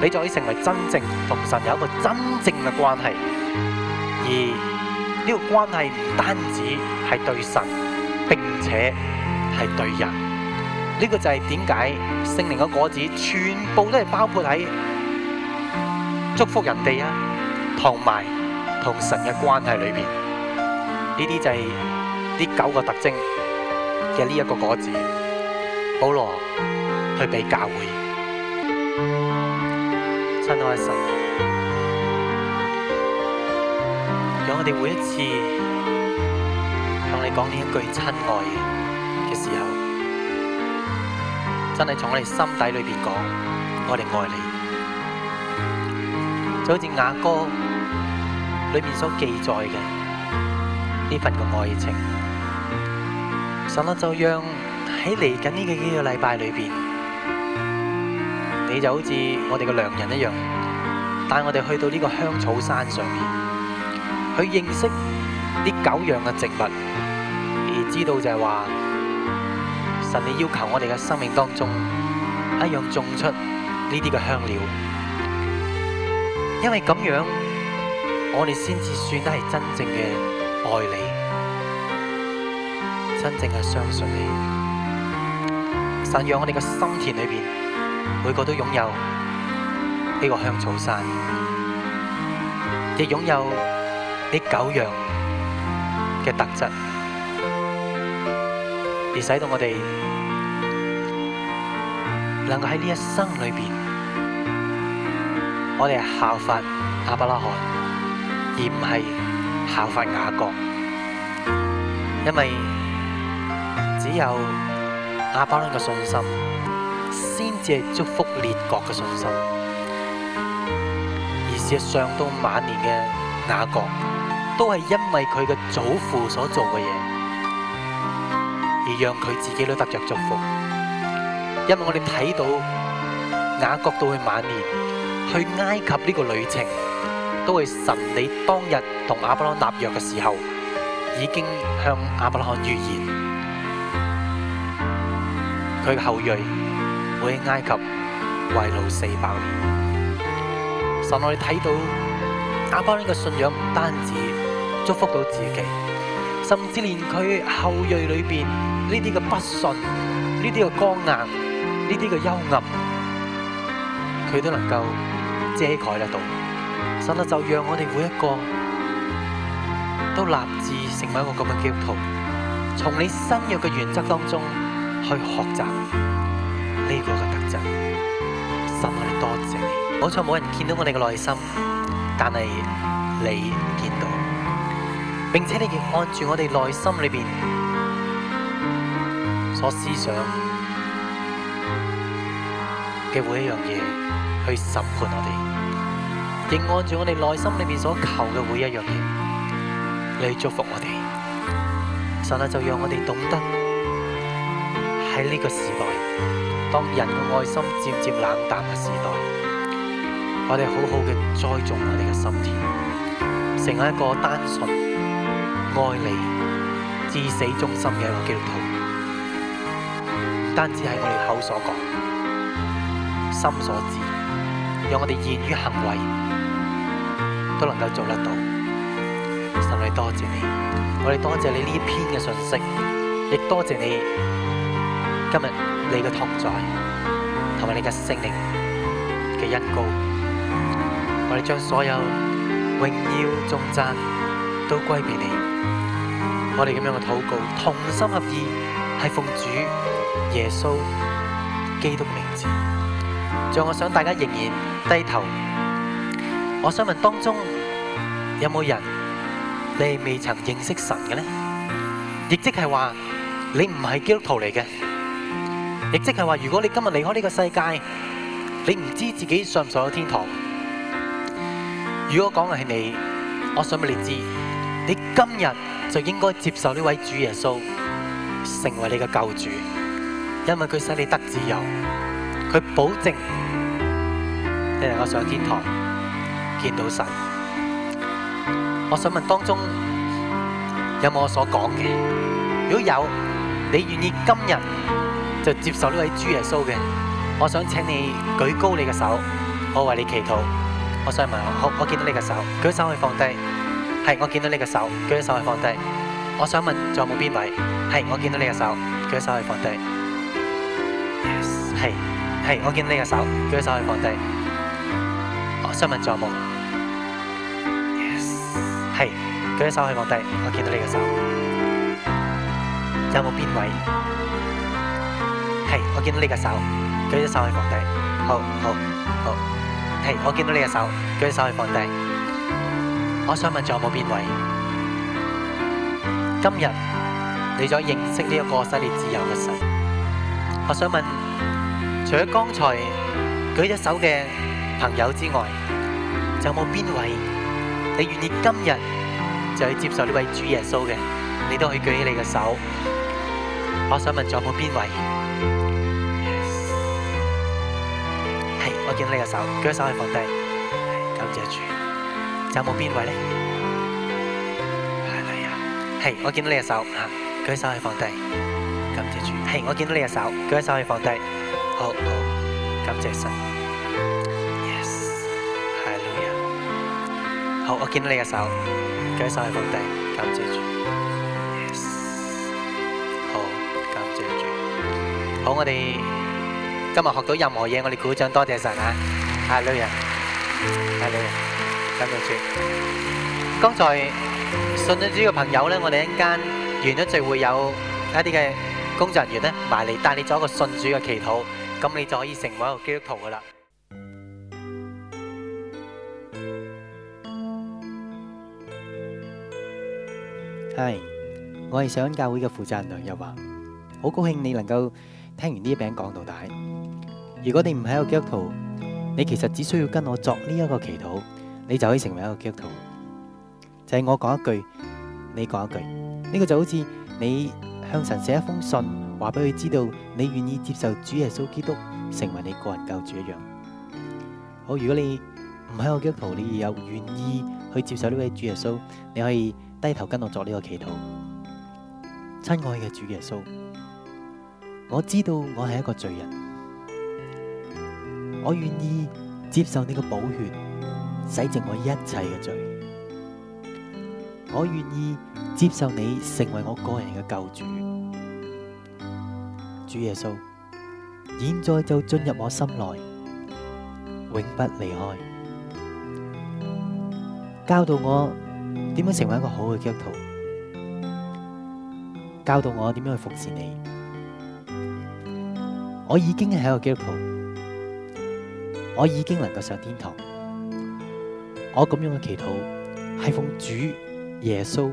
你就可以成為真正同神有一個真正嘅關係。而呢個關係唔單止係對神，並且係對人。呢個就係點解聖靈嘅果子全部都係包括喺祝福人哋啊，同埋同神嘅關係裏面。呢啲就係呢九個特徵嘅呢一個果子。保羅去畀教會，親愛神，如果我哋每一次向你講呢一句親愛嘅時候。真係從我哋心底裏面講，我哋愛你，就好似雅歌裏面所記載嘅呢份嘅愛情。神啊，就讓喺嚟緊呢幾個禮拜裏面，你就好似我哋嘅良人一樣，帶我哋去到呢個香草山上面，去認識啲九樣嘅植物，而知道就係話。但你要求我哋嘅生命當中，一樣種出呢啲嘅香料，因為咁樣，我哋先至算得係真正嘅愛你，真正嘅相信你。但讓我哋嘅心田裏邊，每個都擁有呢個香草山，亦擁有呢九樣嘅特質。而使到我哋能夠喺呢一生裏邊，我哋係效法阿伯拉罕，而唔係效法雅各。因為只有阿伯拉罕嘅信心，先至係祝福列國嘅信心。而事實上到晚年嘅雅各，都係因為佢嘅祖父所做嘅嘢。而讓佢自己都得着祝福，因為我哋睇到雅各到去晚年去埃及呢個旅程，都係神你當日同亞伯拉罕立約嘅時候，已經向亞伯拉罕預言，佢嘅後裔會喺埃及為奴四百年。神，我哋睇到亞伯拉罕嘅信仰唔單止祝福到自己，甚至連佢後裔裏邊。呢啲嘅不順，呢啲嘅剛硬，呢啲嘅幽暗，佢都能夠遮蓋得到。所以就讓我哋每一個都立志成為一個咁嘅基督徒，從你新約嘅原則當中去學習呢個嘅特質。神我哋多謝你。冇錯，冇人見到我哋嘅內心，但係你見到，並且你亦按住我哋內心裏邊。所思想嘅每一樣嘢，去審判我哋，亦按住我哋內心裏面所求嘅每一樣嘢，嚟祝福我哋。神啊，就讓我哋懂得喺呢個時代，當人嘅愛心漸漸冷淡嘅時代，我哋好好嘅栽種我哋嘅心田，成為一個單純、愛你至死忠心嘅一個基督徒。唔單止係我哋口所講、心所知，讓我哋言語行為都能夠做得到。神，我哋多謝你，我哋多謝你呢一篇嘅信息，亦多謝你今日你嘅同在，同埋你嘅聖靈嘅恩膏。我哋將所有榮耀頌讚都歸俾你。我哋咁樣嘅禱告，同心合意，係奉主。耶穌基督名字，仲我想大家仍然低頭。我想問當中有冇人你未曾認識神嘅呢？亦即係話你唔係基督徒嚟嘅，亦即係話如果你今日離開呢個世界，你唔知自己上唔上到天堂。如果講嘅係你，我想畀你知，你今日就應該接受呢位主耶穌成為你嘅救主。因為佢使你得自由，佢保證你能夠上天堂見到神。我想問當中有冇我所講嘅？如果有，你願意今日就接受呢位主耶穌嘅？我想請你舉高你嘅手，我為你祈禱。我想問，我我見到你嘅手，舉啲手可以放低。係，我見到你嘅手，舉啲手可以放低。我想問，仲有冇邊位？係，我見到你嘅手，舉啲手可以放低。係，係，我見到你嘅手，舉起手去放低。我想問，仲有冇？係，舉起手去放低，我見到你嘅手。有冇邊位？係，我見到你嘅手，舉起手去放低。好好好，係，我見到你嘅手，舉起手去放低。我想問仲有冇邊位？今日你想認識呢一個使你自由嘅神，我想問，除咗剛才舉咗手嘅朋友之外，仲有冇邊位你願意今日就去接受呢位主耶穌嘅？你都可以舉起你嘅手。我想問，仲有冇邊位？係，我見到你嘅手，舉手可以放低，感謝主。仲有冇邊位咧？係嚟啊！係，我見到你嘅手，舉手可以放低，感謝主。係，我見到你嘅手，舉手可以放低。好，感謝神。Yes，哈利路亞。好，我見到你隻手舉起，手放低，感謝主。Yes，好，感謝主。好，我哋今日學到任何嘢，我哋鼓掌，多謝神啊！哈利路亞，哈利路亞，感謝主。剛才信主嘅朋友咧，我哋一陣間完咗聚會，有一啲嘅工作人員咧埋嚟，帶你做一個信主嘅祈禱。咁你就可以成為一個基督徒噶啦。Hi，我係上恩教會嘅負責人梁日華，好高興你能夠聽完呢一餅講到底。如果你唔係一個基督徒，你其實只需要跟我作呢一個祈禱，你就可以成為一個基督徒。就係我講一句，你講一句，呢個就好似你向神寫一封信。話俾佢知道，你願意接受主耶穌基督成為你個人救主一樣。好，如果你唔喺我基督徒，你有願意去接受呢位主耶穌，你可以低頭跟我作呢個祈禱。親愛嘅主耶穌，我知道我係一個罪人，我願意接受你嘅寶血洗淨我一切嘅罪，我願意接受你成為我個人嘅救主。主耶穌，現在就進入我心內，永不離開。教導我點樣成為一個好嘅基督徒，教導我點樣去服侍你。我已經係一個基督徒，我已經能夠上天堂。我咁樣嘅祈禱，係奉主耶穌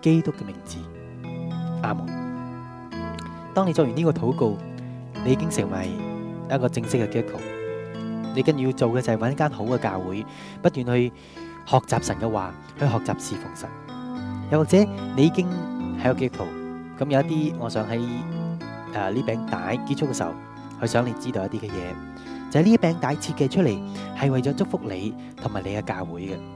基督嘅名字，阿門。當你做完呢個禱告，你已經成為一個正式嘅基督徒。你跟住要做嘅就係揾一間好嘅教會，不斷去學習神嘅話，去學習侍奉神。又或者你已經喺個基督徒，咁有一啲，我想喺誒呢餅帶結束嘅時候，佢想你知道一啲嘅嘢，就係呢餅帶設計出嚟係為咗祝福你同埋你嘅教會嘅。